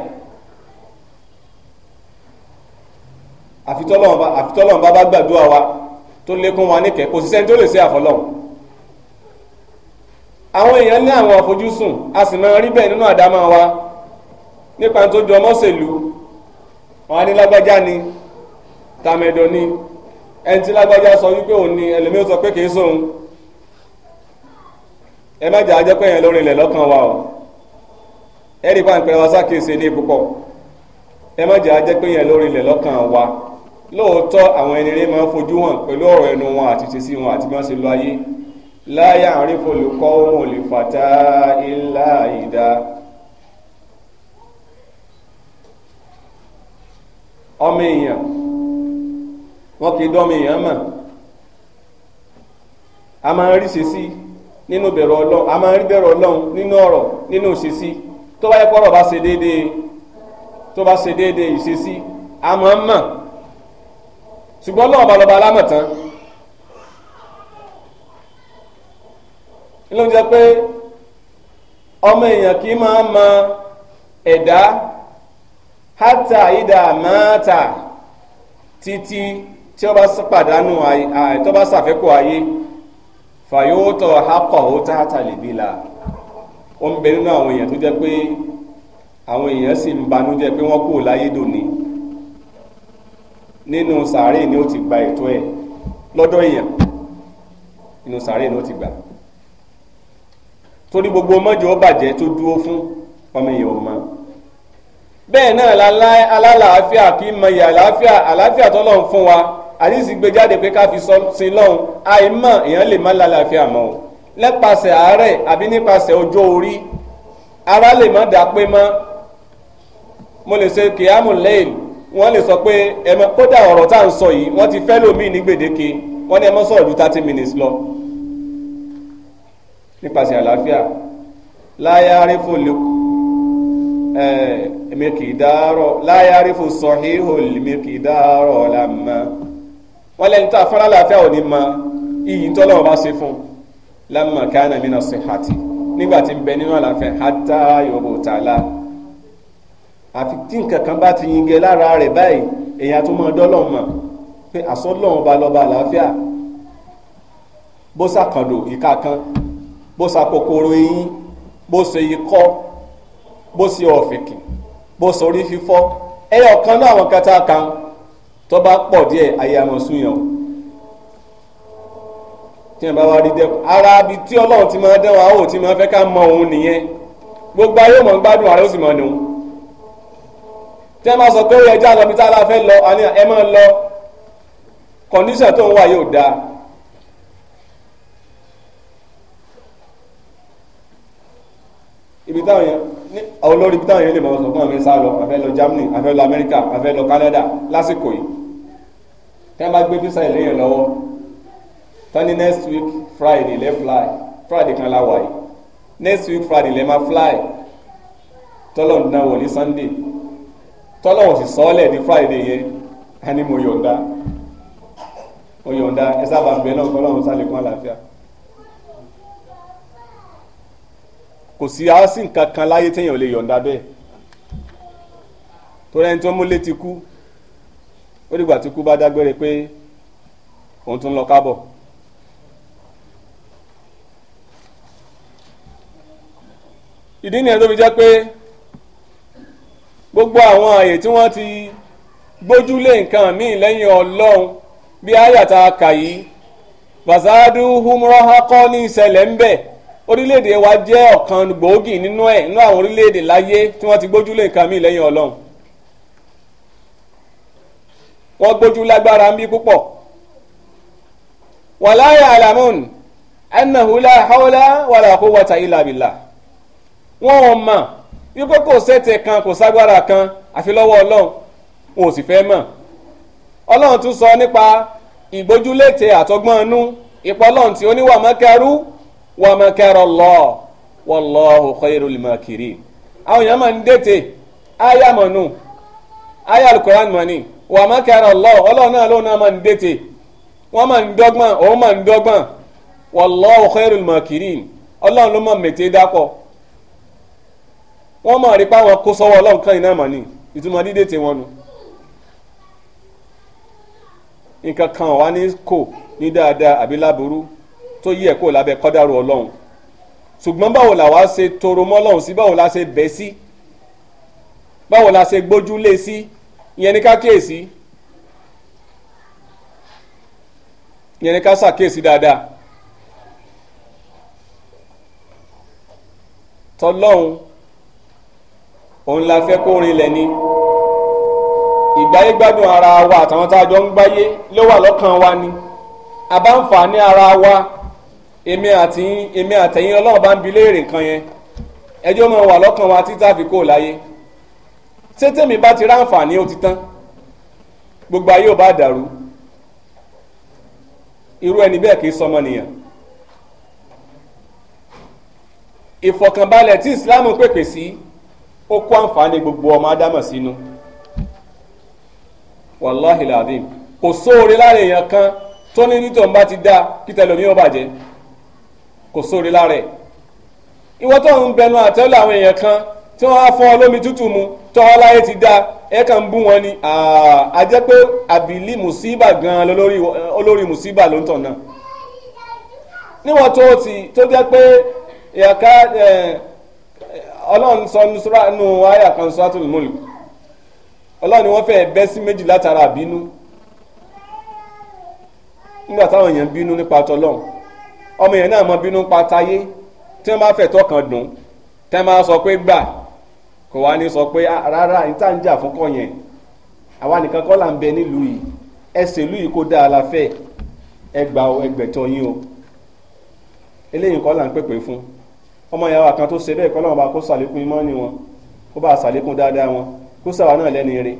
àfitọ́lọ́run bá bá gbàdúrà wa tó lékún wa níkẹ́ kò sí sẹ́ni tó lè ṣe àfọlọ́run àwọn èèyàn ní àwọn àfojúsùn a sì máa rí bẹ́ẹ̀ nínú àdámọ́ wa nípa tó jọ mọ́sẹ̀lú wọn á ní lágbájá ni tàmẹ̀dọ̀ ni ẹni tí lágbájá sọ wípé òun ni ẹlòmíràn sọ pé kì í sóun ẹ má jà á jẹ́ pé yẹn lórí ilẹ̀ lọ́kàn wa o ẹ rí bá ń pẹ́ wá sákèsè ní púpọ̀ ẹ má jà á jẹ́ pé yẹn lórí ilẹ̀ lọ́kàn wa lóòótọ́ àwọn ẹni rí máa ń fojú hàn pẹ̀lú ọ̀rọ̀ ẹnu wọn àti tìsí wọn àti bí wọ́n ṣe lọ ayé láyà àárín folùkọ́ òun ò lè fàtà ilá ìdá. ọmọ èèyàn wọn kì í dọ́mi èèyàn mọ̀ a máa ń rí ṣèṣì nínú bẹ̀rù ọlọ́run a máa ń rí bẹ̀rù ọlọ́run nínú ọ̀rọ̀ nínú ṣèṣì tó bá yẹ kọ́rọ̀ bá ṣe déédéé tó bá ṣe déédéé ìṣèṣì a máa ń mọ̀ ṣùgbọ́n lọ́wọ́ balọ̀ba alámọ̀tán ló ń jẹ́ pé ọmọ èèyàn kì í máa mọ ẹ̀dá hátà ìdá máa tà títí tí ó bá pàdánù àyè tó bá ṣàfẹ́kù ayé fàyóòtọ̀ akọ̀wò táàtà lè bí la ó ń bẹ nínú àwọn èèyàn tó jẹ́ pé àwọn èèyàn sì ń banújẹ́ pé wọ́n kú láyé dòní nínú sàárè ni ó ti gba ètò ẹ̀ lọ́dọ̀ èèyàn nínú sàárè ni ó ti gbà torí gbogbo mọ́jọ ó bàjẹ́ tó dúró fún ọmọ èèyàn ò mọ́ bẹ́ẹ̀ náà alálàáfíà kì í mọyì àlàáfíà àlàáfíà tọ́lọ́run fún wa àdìsí gbé jáde pé ká fi sọ sí lọ́hùn àìmọ̀ èèyàn lè má lálàáfíà mọ́ o lẹ́pasẹ̀ àárẹ̀ àbí nípasẹ̀ ọjọ́ orí ara lè má dà pé mọ́ mo lè ṣe kìámù lẹ́yìn wọ́n lè sọ pé ẹ̀mọ́ kódà ọ̀rọ̀ tá à ń sọ yìí wọ́n ti fẹ́ lómi ní gbèdéke wọ́n ní ẹmọ́ sọ̀rọ̀ ju thirty minutes lọ nípasẹ̀ àlàáfíà láyà arífò lè ẹ̀ẹ́mẹ́kì dárọ̀ láyà arífò sọ̀híhò lèmẹ́kì dárọ̀ làmọ́ wọn lẹni tó afọ́nrán láàfíà ò ní mọ iyì ń tọ́lọ́wọ́ bá ṣe fún un lámà kánà mí náà ṣe hàtì nígbà tí ń bẹ nínú àlàáfíà hátà yòówó tààlà àfi tí nǹkan kan bá ti yingẹ lára rẹ̀ báyìí èèyàn tó mọ dọ́lọ́ mọ̀ pé àsọ́lọ́wọ́n ba lọ́ba àlàáfíà bó sàkàndò ìka kan bó sàkòkòrò eyín bó ṣe ikọ́ bó ṣe ọ̀fìnkì bó ṣe fífọ́ ẹyọ kan náà àwọn kẹta kan tó bá pọ̀ díẹ̀ ayé àmọ́ súnyàn tí wọn bá wá rí dẹ́kun ara bi tí ọlọ́run ti máa dẹ́wọ̀n àwọn òtí máa fẹ́ ká mọ òun nìyẹn gbogbo ayé ò mọ̀ ń gbádùn ààrẹ ó sì mọ̀ ní òun tí wọn bá sọ pé ó yẹ jáde ọbí tá a la fẹ́ lọ àní ẹ máa lọ kọ́ndíṣàn tó ń wà yóò dáa. ibi táwọn yẹn ní olórí ibi táwọn yẹn lè máa sọ fún àwọn ẹ lọ àfẹ́ lọ Germany àfẹ́ lọ Amẹ́ríkà àfẹ́ lọ Canada lásìkò yìí tẹ́ ẹ bá gbé físà ìléyìn lọ́wọ́ tán next week friday lẹ́ fly friday kan la yìí next week friday lẹ́ máa fly tọ́lọ̀ ń dánwò ní sunday tọ́lọ̀ ò sì sọ́ọ́lẹ̀ ní friday yẹn a ní mo yọ̀ǹda mo yọ̀ǹda ẹ sábà bẹ̀ náà kọ́lọ́run sálẹ̀kùn àlàáfíà kò sí àásì nǹkan kan láyé téèyàn ò lè yọ̀ǹda bẹ́ẹ̀ tó rẹ́ni tó mú létí kú ó dìgbà tí kú bá dágbére pé òun tún lọ kábọ̀. ìdí nìyẹn tó fi jẹ́ pé gbogbo àwọn àyè tí wọ́n ti gbójúlé nǹkan míì lẹ́yìn ọlọ́run bí àyàtà kàyí fasadu humrahakọ ní ìṣẹ̀lẹ̀ ń orílẹ̀-èdè wa jẹ́ ọ̀kan gbòógì nínú ẹ̀ nínú àwọn orílẹ̀-èdè láyé tí wọ́n ti nǹkan míì lẹ́yìn ọlọ́run wọ́n gbójú lágbára ń bí púpọ̀ wàlá ya'lamun annahu la hawla wala quwwata illa billah wọ́n ò mọ̀ wípé kò sẹ́tẹ̀ kan kò ságbára kan àfi lọ́wọ́ ọlọ́run wọn ò sì fẹ́ mọ̀ ọlọ́run tún sọ nípa ìgbójúléte àtọgbọ́n inú ọlọ́run tí ó ní wa makaru wa makara Allah wallahu khairul makirin àwọn èèyàn máa ń dètè áyà mọ̀nù áyà alukoran mọ̀nì wà má kẹrọ Allah ọlọ́run náà lóun náà máa ń dètè wọ́n máa ń dọ́gbọ́n òun máa ń dọ́gbọ́n wallahu khairul makirin ọlọ́run ló máa mètè dápọ̀ wọ́n máa rí páwọn kó sọ́wọ́ ọlọ́run kan iná mà ní ìtumọ̀ dídètè wọn nu nǹkan kan wà ní kò ní dáadáa àbí láburú tó yí ẹ̀ lábẹ́ kọ́dárò ọlọ́run ṣùgbọ́n báwo làwa ṣe toro mọ́ ọlọ́run sí báwo la ṣe bẹ́ sí báwo la ṣe gbójúlé sí. Si ìyẹn ni ká kíyèsí ìyẹn ni ká ṣàkíyèsí dáadáa tọlọ́hún òun la fẹ́ kó rinlẹ̀ ni ìgbáyégbádùn ara wa àtàwọn tá a jọ ń gbáyé ló wà lọ́kàn wa ni àbáǹfààní ara wa èmi àti èmi àtẹ̀yìn ọlọ́run bá ń bi léèrè nǹkan yẹn ẹjọ́ mọ̀ wà lọ́kàn wa títí àfikò láyé. ṣé tèmi bá ti ráǹfààní ó ti tán gbogbo ayé ò bá dàrú irú ẹni bẹ́ẹ̀ kì í sọmọ nìyàn ìfọ̀kànbalẹ̀ tí ìsìláàmù pèpè sí ó kó àǹfààní gbogbo ọmọ ádámọ̀ sínú wàláhì làdìm kò sóore lára èèyàn kan tó ní nítorí bá ti da kí tẹlomi ó bàjẹ́ kò sóore lára ẹ̀ ìwọ́n tó ń bẹnu àtẹ́lẹ̀ àwọn èèyàn kan tí wọ́n á fọ́ ọ tútù mu tọ́wọ́ láyé ti dá ẹ kàn bụ bú wọn ni a jẹ́ pé àbílí mùsíbà gan-an olórí mùsíbà ló ń tàn náà níwọ̀n tó ti tó jẹ́ pé ìyàká ọlọ́run sọ nù àyà kan suratul mulk ọlọ́run ni wọ́n fẹ́ bẹ́ sí méjì látara bínú nígbà táwọn èèyàn bínú nípa tọlọ́run ọmọ èèyàn náà mọ bínú pa tayé tí wọ́n bá fẹ̀tọ́ kan dùn tí sọ pé gbà kò wá ní sọ pé ah, rárá níta ń jà fún kọ yẹn àwa nìkan kọ́ là ń bẹ nílùú yìí ẹsẹ̀ ìlú yìí kó dáa la fẹ́ ẹgbàá o ẹgbẹ̀tàn yín o eléyìí kọ́ là ń pèpè fún ọmọ ìyàwó kan tó ṣe bẹ́ẹ̀ kọ́ lọ́wọ́ bá kó sàlékún ìmánì wọn kó bá sàlékún dáadáa wọn kó sàwa náà lẹ́ni rẹ̀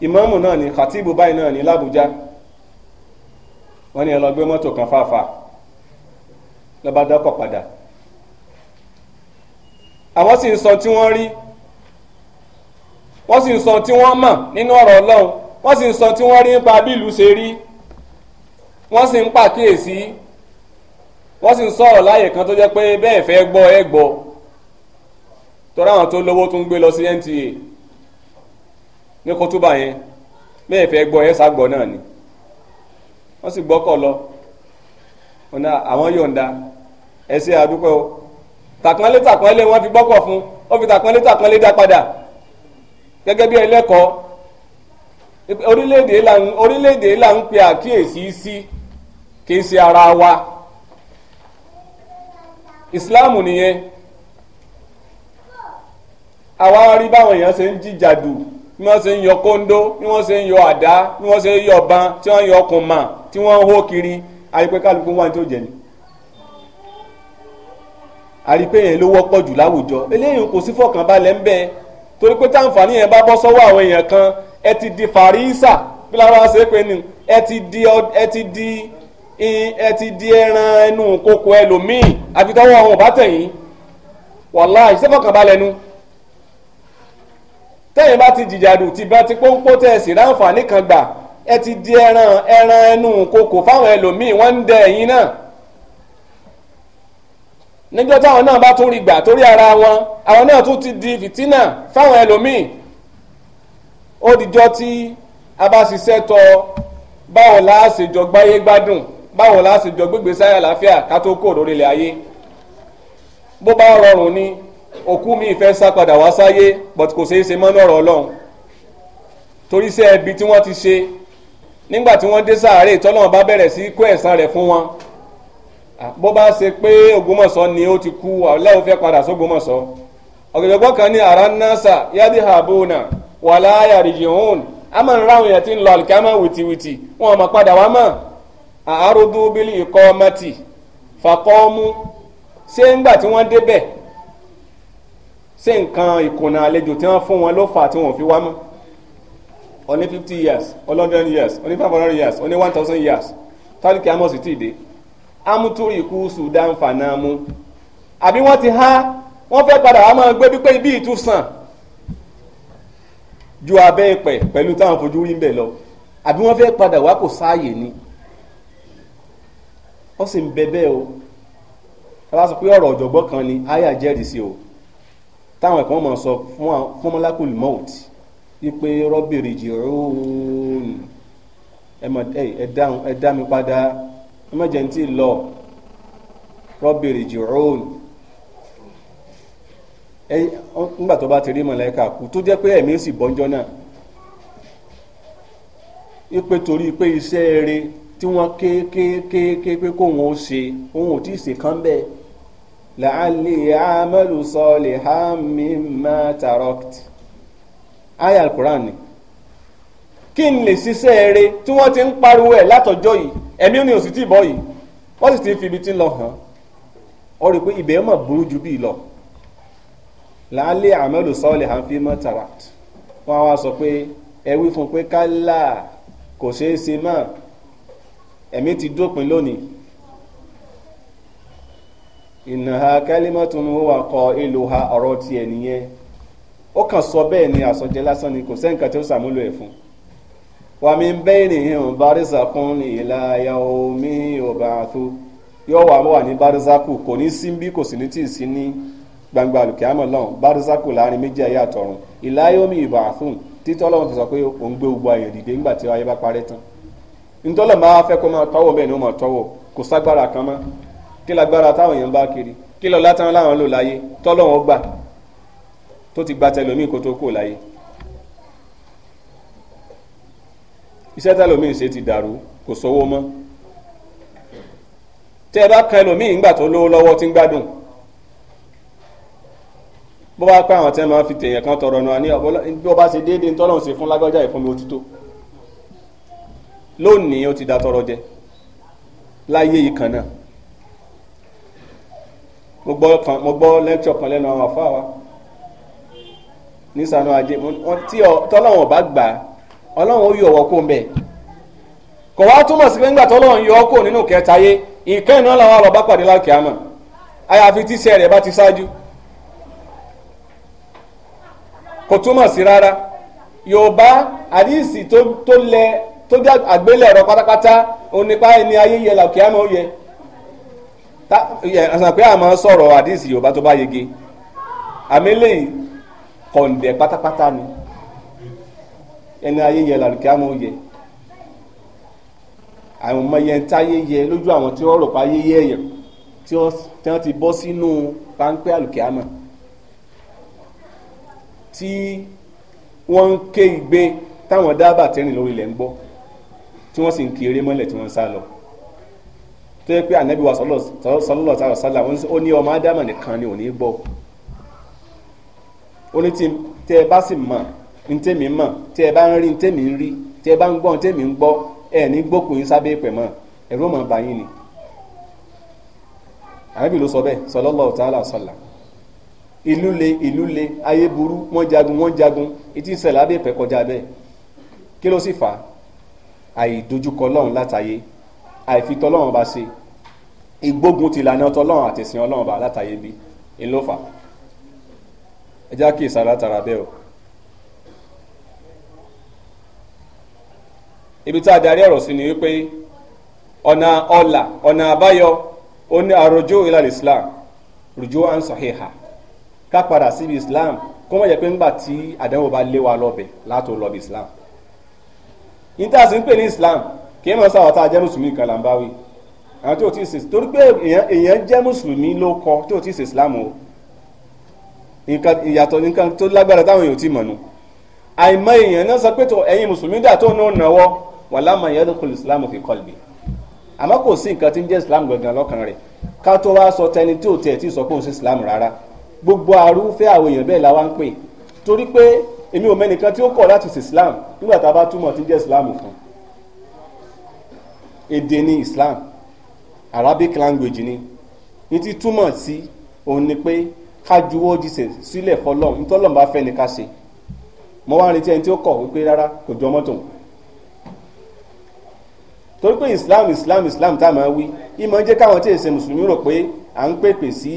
ìmáàmù náà ni khatibu báyìí náà ni làbújá wọ́n ní ẹ lọ gbé mọ́tò kan fàáfàá lọ́ba dákọ̀ padà àwọn sì ń sọ tí wọ́n rí wọ́n sì ń sọ tí wọ́n mọ̀ nínú ọ̀rọ̀ ọlọ́run wọ́n sì ń sọ tí wọ́n rí nípa bí ṣe rí wọ́n sì ń pàkíyèsí wọ́n sì ń sọ̀rọ̀ láàyè kan tó jẹ́ pé bẹ́ẹ̀ fẹ́ gbọ́ ẹ gbọ́ torí àwọn tó lówó tún gbé lọ sí NTA ní kótóbà yẹn bẹ́ẹ̀ fẹ́ gbọ́ ẹ ságbọ́ náà ni wọ́n sì gbọ́kọ̀ lọ ọ̀nà àwọn yọ̀ǹda ẹ ṣe àdúpẹ́ o tàpọ́nlé tàpọ́nlé wọ́n fi gbọ́kọ̀ fún ó fi tàpọ́nlé tàpọ́nlé dá padà gẹ́gẹ́ bí ẹlẹ́kọ̀ọ́ orílẹ̀-èdè là ń orílẹ̀-èdè là ń pe àkíyèsí sí kì í ṣe ara wa ìsìláàmù nìyẹn àwa rí báwọn èèyàn ṣe ń jìjàdù bí wọ́n ṣe ń yọ kóńdó bí wọ́n ṣe ń yọ àdá bí wọ́n ṣe ń yọ ọ̀bàn tí wọ́n ń yọ ọkùn tí wọ́n ń hó kiri àyípẹ́ kálukú wà tó jẹ ni àrípẹ́ yẹn ló wọ́pọ̀ jù láwùjọ eléyìí kò sí fọkànbalẹ̀ ń bẹ́ẹ̀ torí pé táǹfààní yẹn bá bọ́ sọ́wọ́ àwọn èèyàn kan ẹ ti di fàrísà bí lára ṣe pé ni ẹ ti di ẹ ti di ẹ ti di ẹran ẹnu kókó ẹlòmíì àfi tọ́wọ́ ọ̀hún ọ̀bá tẹ̀yìn wàláì ṣẹ́fọ̀kànbalẹ̀ nu tẹ́yìn bá ti jìjàdù ti bá ti pọ́npọ́ tẹ̀sí ráǹfààní kan gbà ẹ ti di ẹran ẹran ẹnu kókó fáwọn ẹlòmíì wọ́n ń dẹ ẹ̀yìn náà níjọ́ táwọn náà bá tún rí gbà torí ara wọn àwọn náà tún ti di fìtínà fáwọn ẹlòmíì ó dijọ́ tí a bá ṣiṣẹ́ tọ báwo la ṣe jọ gbáyé gbádùn báwo la ṣe jọ gbégbé sáyà àlàáfíà ká tó kó òróró ilẹ̀ ayé bó bá rọrùn ni òkú mi ìfẹ́ sá padà wá sáyé but kò ṣeé ṣe mọ́ ní ọlọ́run torí sẹ́ tí wọ́n ti ṣe nígbà tí wọ́n dé sáàárè tọ́lọ́wọ́n bá bẹ̀rẹ̀ sí kó ẹ̀san rẹ̀ fún wọn bó bá ṣe pé Ògbómọ̀ṣọ́ ni ó ti kú aláwo fẹ́ padà sógbómọ̀ṣọ́ ọ̀gẹ̀dẹ̀gbọ́n kan ní arannasa habona wala yarji'un a máa ń ráwọn yẹn ti ń lọ àlìkámà wìtìwìtì wọn máa padà wá mọ́ àárọ̀dú bílí iqamati faqamu ṣé ńgbà tí wọ́n débẹ̀ ṣé nǹkan ìkùnà àlejò tí wọ́n fún wọn ló fà tí wọ́n fi wá mọ́ ó fifty years ó ní hundred years ó five hundred years ó one thousand years tálíkì amọ̀ sì ti dé amútúrì kú sudan fanamu àbí wọ́n ti há wọ́n fẹ́ padà wá máa gbé pípé ibi ìtúsàn ju abẹ́ ìpẹ̀ pẹ̀lú táwọn fojú rí ń lọ àbí wọ́n fẹ́ padà wá kò sáàyè ni wọ́n sì ń bẹ bẹ́ẹ̀ o ẹ wá sọ pé ọ̀rọ̀ ọ̀jọ̀gbọ́n kan ni aya jẹ́rìí o táwọn ẹ̀kọ́ máa sọ fún mọ́lákùlù mọ́ọ̀tì wípé rọ́bìrì jìrún ẹ̀ dá mi padà ẹ má jẹ́ ní tí lọ rabbi rji'un nígbà tó bá ti rí mọ̀lẹ́kà kú tó jẹ́ pé ẹ̀mí sì bọ́njọ́ náà ipe torí pé iṣẹ́ eré tí wọ́n ké ké ké ké pé kóun ó ṣe òun ò tí ì ṣe kán bẹ́ẹ̀ la'alli a'malu salihan mimma tarakt aya al-Qur'an ni. kí n lè ṣiṣẹ́ eré tí wọ́n ti ń pariwo ẹ̀ látọjọ́ yìí ẹ̀mí ni òsì tí bọ yi yìí wọ́n ti fi ibi tí lọ hàn ó rí i pé ibẹ̀ mọ̀ burú ju bíi lọ làálẹ̀ àmẹ́lò ha à fi mọ́ tàràt wọ́n á wá sọ pé ẹ wí fún pé kálá kò ṣeé ṣe mọ́ ẹ̀mí ti dópin lónìí ìnáha kálímọ́tún wà kọ ha ọ̀rọ̀ tiẹ̀ nìyẹn ó kàn sọ bẹ́ẹ̀ ni àsọjẹ lásán ni kò wàmí bainihim barizakun ila yaumi yub'athu yóò wà wà ní barizaku kò ní sí bí kò sì ní tì sí ní gbangba àlùkìyàmọ̀ lọ́hùn barizaku láàrin méjì ayé àtọ̀run ila yaumi yub'athun títọ́ lọ́hùn ti sọ pé òun gbé gbogbo ayé dìde nígbà tí ayé bá parẹ́ tán ntọ́lọ̀ máa fẹ́ kó máa tọ́wọ̀ bẹ́ẹ̀ ni ó máa tọ́wọ̀ kò ságbára kan mọ́ kí lágbára táwọn èèyàn bá kiri kí lọ látàn láwọn lò láyé tọ́lọ́wọ́n gbà tó ti gba tẹlómi kó tó kó láyé iṣẹ́ tá lómi ṣe ti dàrú kò sówó mọ́ tẹ́ ẹ bá kan ẹlòmíì ńgbà tó lówó lọ́wọ́ tí ń gbádùn bó bá pẹ́ àwọn tẹ́ máa fi tèèyàn kan tọrọ náà ní bó bá ṣe déédéé tọ́lọ́run ṣe fún lágbájá ìfún mi òtítọ́ lónìí ó ti da tọrọ jẹ láyé yìí kan náà mo gbọ́ kan mo gbọ́ lẹ́kṣọ̀ kan lẹ́nu àwọn àfáà wa ní sànú ajé tí tọ́lọ́run ò bá gbà á ọlọ́run ó yọ ọ̀wọ́ kó ń bẹ̀ kò wá túmọ̀ sí pé ńgbà tó ọlọ́run yọ ọ́ kó nínú kẹta yé ìkẹ́yìn náà làwọn àlọ́ bá pàdé láàkì àmọ́ àyàfi tíṣẹ́ rẹ̀ bá ti ṣáájú kò túmọ̀ sí rárá yorùbá àdìsí tó lẹ tó dá àgbélẹ̀ ọ̀rọ̀ pátápátá onípa ẹni ayé yẹ làkì àmọ́ yẹ àṣà pé àmọ́ sọ̀rọ̀ àdìsí yorùbá tó bá yege àmì lẹ́yìn kọ̀ǹdẹ̀ pátápátá ni ẹni ayé yẹ làlùkìámọ̀ yẹ àwọn ọmọ yẹn táyé yẹ lójú àwọn tí wọ́n rò pa ayé yẹ ẹ̀yẹ tí wọ́n ti bọ́ sínú páńpẹ́ àlùkìámọ̀ tí wọ́n ń ké igbe táwọn dábà tẹ́rìn lórí ilẹ̀ ń gbọ́ tí wọ́n sì ń kéré mọ́lẹ̀ tí wọ́n ń sá lọ tó yẹ pé ànábì wa sọlọ́lọ́ sára sálà ó ní ọmọ ádámà nìkan ni ò ní gbọ́ ó ní tí tẹ́ ẹ bá sì mọ̀ ntẹ́mi mọ̀ tí ẹ bá ń rí ntẹ́mi ń rí tí ẹ bá ń gbọ́ ntẹ́mi ń gbọ́ ẹ ní gbókùn yín sábẹ́ ìpẹ̀ mọ́ ẹ̀rọ mọ̀ bá yín ni. àbí ló sọ bẹ́ẹ̀ sallallahu ta'ala sọ̀là ìlú le ìlú le ayé burú wọ́n jagun wọ́n jagun etí ìṣẹ̀lẹ̀ abẹ́ ìpẹ́ kọjá bẹ́ẹ̀ kí ló sì fà á àìdojúkọ Ọlọ́run látàyé àìfitọ́ bá ṣe ìgbógun ti lànà tọ́lọ́run àtẹ̀sìn Ọlọ́run bá látàyé bí ńlọ́fà ẹ já kí ìsàlátara bẹ́ẹ̀ o ibi tá a darí ọ̀rọ̀ sí ni wípé ọ̀nà ọ̀là ọ̀nà àbáyọ ó ní àròjó ìlànà islam rùjó à ń sọ̀híhà ká padà síbi islam kó má jẹ́ pé ńgbà tí àdánwò bá lé wa lọ́bẹ̀ látò lọ́bi islam níta sì ń pè ní islam kì í mọ̀ sáwọ́ tá a jẹ́ mùsùlùmí kan là ń bá wí àwọn tí ò tí ì sè torí pé èèyàn jẹ́ mùsùlùmí ló kọ tí ò tí ì sè islam o nǹkan ìyàtọ̀ nǹkan tó lágbára táwọn èèyàn ò tí mọ̀ nù àìmọ̀ èèyàn náà sọ pé tó ẹ̀yin mùsùlùmí dà tó ń náwó wàlámà yẹn kò islam fi qalbi àmọ́ kò sí nǹkan tí ń jẹ́ islam gangan lọ́kàn rẹ̀ ká tó wá sọ tẹni tí ò tẹ̀ tí sọ pé òun sí islam rárá gbogbo àrúfẹ́ àwọn èèyàn bẹ́ẹ̀ la wá ń pè torí pé èmi ò mẹ́nìkan tí ó kọ̀ láti sí islam nígbà tá a bá túmọ̀ tí ń jẹ́ islam fún èdè ni islam arabic language ni ní ti túmọ̀ sí òun ni pé ká juwọ́ jíṣẹ́ sílẹ̀ fọlọ́run nítọ́lọ́run bá fẹ́ ni ká ṣe mo wá ń retí ẹni tí ó kọ̀ wípé rárá kò jọ mọ́tò wọn torí pé islam islam islam tá a máa wí ìmọ̀ jẹ́ káwọn tí èsè mùsùlùmí rò pé à ń pèpè sí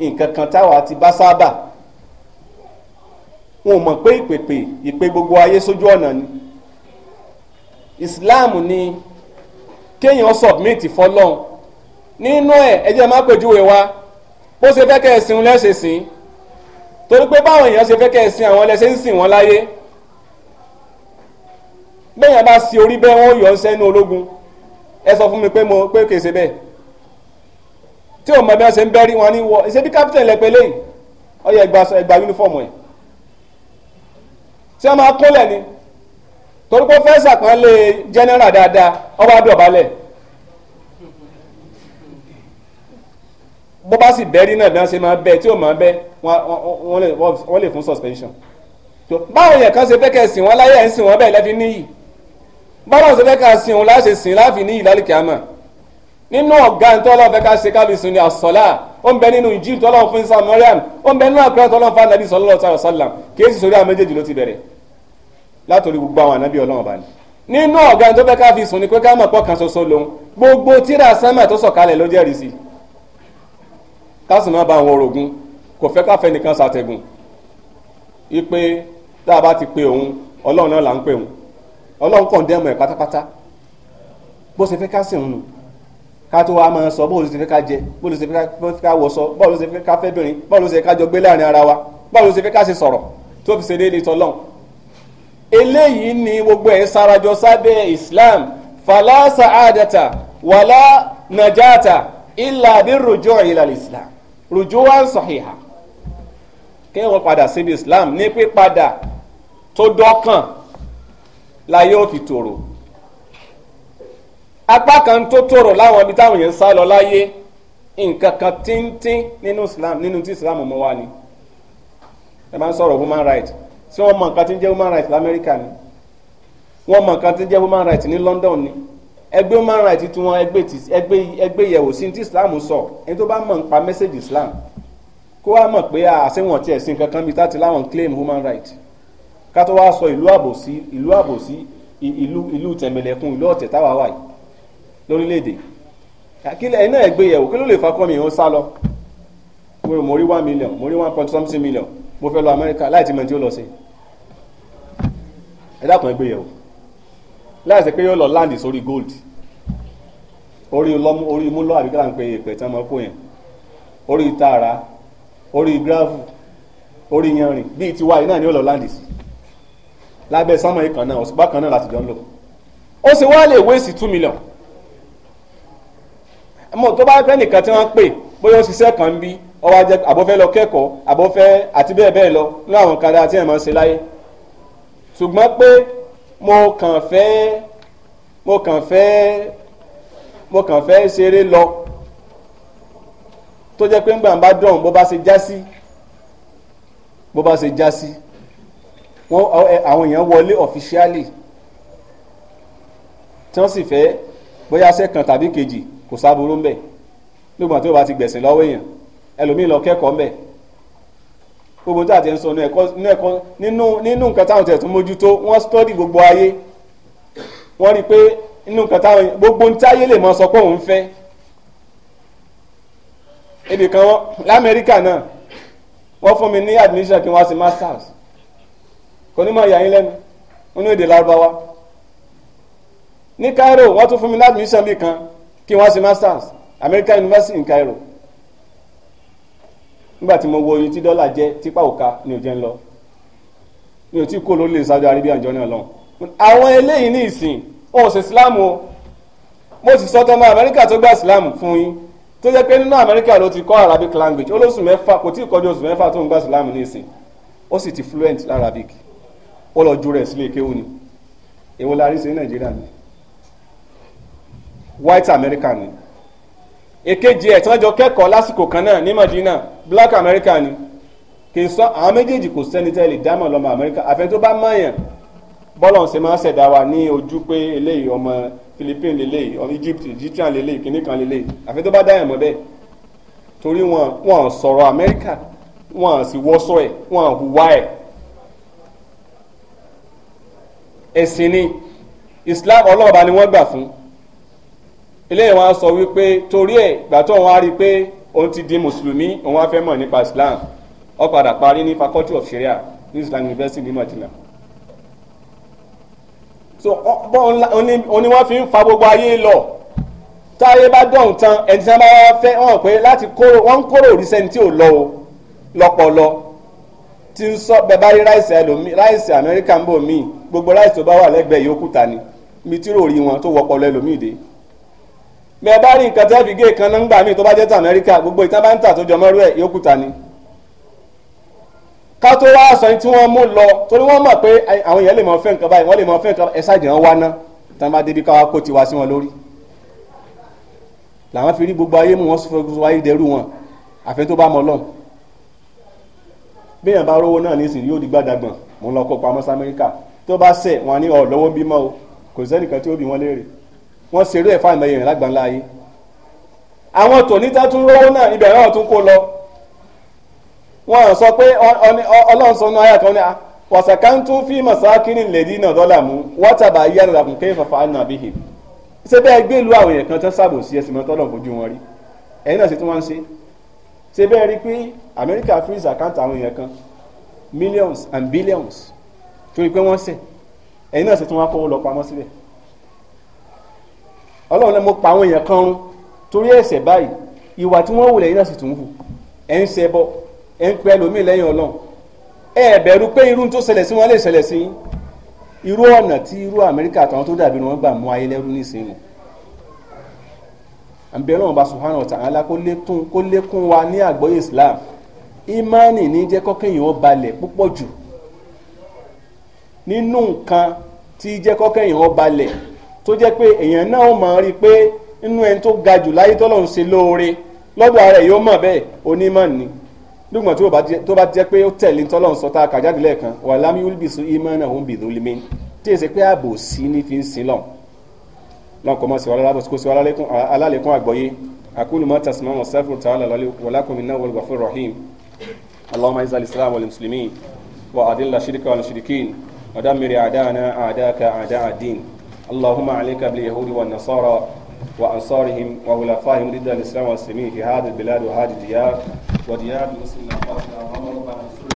nǹkan kan táwa ti bá sábà wọn ò mọ̀ pé ìpèpè ìpè gbogbo ayé sójú ọ̀nà ni islam ni kéèyàn submit fọlọ́n nínú ẹ̀ ẹ jẹ́ má pèjúwe wa bó ṣe fẹ́ kẹ́ ẹ sìn lẹ́sẹ̀ sìn torí pé báwọn èèyàn ṣe fẹ́ kẹ́ ẹ sìn àwọn lẹ́sẹ̀ ń sìn wọn láyé bẹ́ẹ̀ yẹn bá sí orí bẹ́ẹ̀ wọ́n yọ ọ́ sẹ́nu ológun ẹ sọ fún mi pé mo pé kèsè bẹ́ẹ̀ tí o mọ̀ bí wọ́n ṣe ń bẹ́rí wọn ní wọ ṣe bí captain lẹ pélé ọyọ ẹgbà ẹgbà uniform ẹ̀ ṣé wọ́n máa kúnlẹ̀ ni torí pé fẹ́ẹ́ sàpọ́nlé general dáadáa ọba dọ̀bálẹ̀ bó bá sì bẹ́rí náà bí wọ́n ṣe máa bẹ́ tí o mọ̀ bẹ́ wọ́n lè fún suspension báwo yẹn kan ṣe fẹ́ kẹ́ sìn wọ́n láyé ẹ̀ ń sìn wọ́n bẹ́ẹ̀ lẹ́fi níyì báwọn ṣe fẹ́ ká sin òun láṣẹ sìn láfi ní ìlàlẹ̀ kíámà nínú ọ̀gá tọ́lọ́ fẹ́ ká ṣe kábi sùn ní àsọ̀lá ó ń bẹ nínú ìjì tọ́lọ́ fún isa mariam ó ń bẹ nínú àkúrẹ́ tọ́lọ́ fún anabi sallallahu alaihi wasallam kìí sì sórí àwọn méjèèjì ló ti bẹ̀rẹ̀ látòrí gbogbo àwọn anabi ọlọ́run bá ní. nínú ọ̀gá tó fẹ́ ká fi sùn ní pé ká mọ̀ pọ̀ kan ṣoṣo lòun gbogbo tíra sánmà tó sọ̀kalẹ̀ ló jẹ́rìí sí. kásùmá bá àwọn orogún kò fẹ́ káfẹ́ nìkan ṣàtẹ̀gùn ipe tá a bá ti pe òun ọlọ́run náà là ń pe òun ọlọ́run kàn dẹ́mọ̀ ẹ̀ pátápátá bó ṣe fẹ́ ká sìn nù ká tó wá máa sọ bó ló ṣe fẹ́ ká jẹ bó ló ṣe fẹ́ ká wọṣọ bó ló ṣe fẹ́ ká fẹ́bìnrin bó ló ṣe ká jọ gbé láàrin ara wa bó ló ṣe fẹ́ ká ṣe sọ̀rọ̀ tó fi ṣe déédéé tọ́lọ́n eléyìí ni gbogbo ẹ̀ sarajọ sábẹ́ Islam fala sa'adata wala najata illa bi rujuu ila al-Islam rujuwan sahiha kẹ́wọ́n padà síbi Islam ní pípadà tó dọ́kàn láyé ó fi tòrò apá kan tó tòrò láwọn ibi táwọn èèyàn ń sá lọ láyé nǹkan kan tíntín nínú islam nínú tí islam mọ́ wa ni ẹ máa ń sọ̀rọ̀ human rights ṣé wọ́n mọ nǹkan tí ń jẹ́ human rights lamẹ́ríkà ni wọ́n mọ nǹkan tí ń jẹ́ human right ní London ni ẹgbẹ́ human rights tí wọ́n ẹgbẹ́ yẹ̀wò sí ti islam sọ ẹni tó bá mọ̀ nípa message islam kó wá mọ̀ pé àṣẹ wọn tiẹ̀ sí nǹkan kan bíi tá ti láwọn claim human right ká tó wá sọ ìlú àbòsí ìlú àbòsí ìlú ìlú tẹ̀mẹ̀lẹ̀kùn ìlú ọ̀tẹ̀ táwa wà yìí lórílẹ̀‐èdè kílẹ̀ iná ẹ̀ gbé kí ló lè fa kọ́ mi ìhun sá lọ mo mo rí one million mo rí one point something million mo fẹ́ lọ Amẹ́ríkà láì tí mo ti lọ sí ẹ dákun ẹ gbé yẹ̀wò láì sẹ́ pé yóò lọ land sórí gold orí lọ́mú orí mú lọ́ àbíkálà ń pe ìpè tán mọ́ kó yẹn orí tààrà orí gíráfù orí yanrìn bíi tiwa yìí ni ó lọ land sí lábẹ́ sámọ̀ yìí kan náà òṣùpá kan náà láti jọ ń lò ó sì wá lè wéèsì two million mo tó bá fẹ́ nìkan tí wọ́n pè bóyá ó ṣiṣẹ́ kan ń bí ọwọ́ ajẹ́ àbọ̀fẹ́ lọ kẹ́kọ̀ọ́ àbọ̀fẹ́ àti bẹ́ẹ̀ bẹ́ẹ̀ lọ ní àwọn kan dára tí ẹ̀ máa ń ṣe láyé ṣùgbọ́n pé mo kàn fẹ́ mo kàn fẹ́ mo kàn fẹ́ ṣeré lọ tó jẹ́ pé ńgbà ń bá dọ̀hún bó bá ṣe já sí bó bá ṣe já sí àwọn èèyàn wọlé ọ̀fíṣíálì tí wọ́n sì fẹ́ bóyá sẹ́kàn tàbí kejì kò sáburú ńbẹ̀ lóògbà tí ó bá ti gbẹ̀sìn lọ́wọ́ èèyàn ẹlòmíì lọ kẹ́kọ̀ọ́ ńbẹ̀ gbogbo tí a ti ń sọ nínú nínú nǹkan táwọn tẹ̀ tún mójútó wọ́n stọ́dì gbogbo ayé wọ́n rí i pé nínú nǹkan táwọn gbogbo ní táyé lè mọ sọ pé òun fẹ́ ibì kan wọn lamẹ́ríkà náà wọ́n fún mi ní admission kí wọ́n á ṣe masters kò ní máa yà yín lẹ́nu nínú èdè lárúbáwá ní Cairo wọ́n tún fún mi ládùmíṣàn bì kan kí wọ́n ṣe masters American University in Cairo nígbà tí mo wo oyin tí dọ́là jẹ́ tipa òka ni ò ń lọ mi ò tí kó lórílẹ̀ Saudi Arabia ìjọ náà lọ́hùn àwọn eléyìí ní ìsìn òun ṣe Islam o mo sì sọ tọmọ Amẹ́ríkà tó gba Islam fún yín tó jẹ́ pé nínú Amẹ́ríkà ló ti kọ́ Arabic language olóṣù mẹ́fà kò tí ì kọjú oṣù mẹ́fà tó ń gba Islam ní ìsìn ó sì ti fluent ní Arabic ó lọ ju rẹ̀ sílé kéwù ni èwo la rí sí nàìjíríà ni white america ni èkejì ẹ̀ tí wọ́n jọ kẹ́kọ̀ọ́ lásìkò kan náà ní madina black america ni kì í sọ àwọn méjèèjì kò sẹ́ni tẹ́lẹ̀ dámọ̀ lọ́mọ america àfẹ́ tó bá mọ̀yàn bọ́lọ̀ ṣe máa ń ṣẹ̀dá wa ní ojú pé eléyìí ọmọ philippine lélẹ́yìí ọmọ egypt egyptian lélẹ́yìí kìnnì kan lélẹ́yìí àfẹ́ tó bá dáyàn mọ́ bẹ́ẹ̀ torí wọn wọn sọ̀rọ̀ america wọn sì wọ́sọ̀ ẹ̀ wọn hùwà ẹ̀ ẹ̀sìn ni islam ọlọ́ọ̀bá ni wọ́n gbà fún eléyìí wọn sọ wípé torí ẹ̀ gbà tó wọn á rí i pé òun ti di mùsùlùmí òun á fẹ́ mọ̀ nípa islam ó padà parí ní faculty of sharia ní islam university ní madina so oní wọn fi ń fa gbogbo ayé lọ táyé bá dọ̀hún tán ẹni tí wọn bá fẹ́ hàn pé láti kóró wọn ń kóró òrìṣẹ́ ní tí ò lọ o tí ń sọ bẹ́ẹ̀ bá rí ráìsì ẹlòmí ráìsì amẹ́ríkà ń bò míì gbogbo ráìsì tó bá wà lẹ́gbẹ̀ẹ́ yòókù ta ni mi tí rò rí wọn tó wọpọ̀ lọ ẹlòmíì dé bẹ́ẹ̀ bá rí nǹkan tẹ́ẹ̀fì gé kan nígbà míì tó bá jẹ́ tàmẹ́ríkà gbogbo ìtàn bá ń tà tó jọmọ́ rú ẹ̀ yòókù ta ni. ká tó wá aṣọ tí wọ́n mú lọ torí wọ́n mọ̀ pé àwọn èèyàn lè mọ fẹ́ nǹkan báyìí wọ́n lè mọ fẹ́ nǹkan ẹ̀sà ìdìrán wá ná tán bá débi káwá kó tiwa sí wọn lórí. làwọn fi rí gbogbo ayé bẹ́ẹ̀ bá rówó náà ní ìsìn yóò di gbàdàgbọ̀n mo ń lọ kó pamọ́ sí amẹ́ríkà tó bá sẹ̀ wọn ní ọ̀lọ́wọ́ bímọ o kò sẹ́nìkan tí ó bí wọn léèrè wọ́n ṣerú lágbàńlá ayé àwọn tún rówó náà ibẹ̀ tún kó lọ wọ́n sọ pé ọlọ́run ah, a lèdí náà dọ́là ṣe bẹ́ẹ̀ rí pé Amẹ́ríkà freeze account àwọn èèyàn kan millions and billions torí pé wọ́n ṣẹ̀ ẹ̀yin náà ṣe tún wá kó lọ pamọ́ síbẹ̀ Ọlọ́run náà mo pa àwọn èèyàn kan run torí ẹ̀ṣẹ̀ báyìí ìwà tí wọ́n wò lẹ́yìn náà sì tún hù ẹ̀ ń ṣẹbọ ẹ̀ ń pẹ́ lómi lẹ́yìn Ọlọ́run ẹ bẹ̀rù pé irú tó ṣẹlẹ̀ sí wọn lè ṣẹlẹ̀ sí irú ọ̀nà tí irú Amẹ́ríkà àtàwọn tó dàbí wọn gbà mú ayé lẹ́rú nísìnyí àbí ọlọ́run bá subhanahu wa ta'ala kó lékún kó lékún wa ní àgbọ́yé islam imani ní jẹ́ kọ́kẹ́yìn ó balẹ̀ púpọ̀ jù nínú nǹkan tí jẹ́ kọ́kẹ́yìn ó balẹ̀ tó jẹ́ pé èèyàn náà máa rí i pé nínú ẹni tó ga jù láyé tọ́lọ́run ṣe lóore lọ́dọ̀ ara ẹ̀ yóò mọ̀ bẹ́ẹ̀ onímọ̀ ni dùgbọ̀n tó bá jẹ́ pé ó tẹ̀lé tọ́lọ́run sọ tá a kà jáde lẹ́ẹ̀kan wà lámì wílbìsù ìmọ̀ náà ó ń bìdó lé tí èsì pé ààbò sí ní fi ń sin lọ́hùn náà kọ́ mọ́ sí wa lálẹ́ kó sí wa alálẹ́kún àgbọ́yé aqulu ma tasma'un wastaghfiru ta'ala walakum innahu huwal ghafurur rahim allahumma izza al-islam wal muslimin wa adilla shirka wal mushrikin wa dammir a'da'ana a'da'aka a'da'a ad-din allahumma 'alayka bil yahudi wan nasara وأنصارهم وخلفائهم ضد الإسلام والمسلمين في هذه البلاد وهذه الديار وديار المسلمين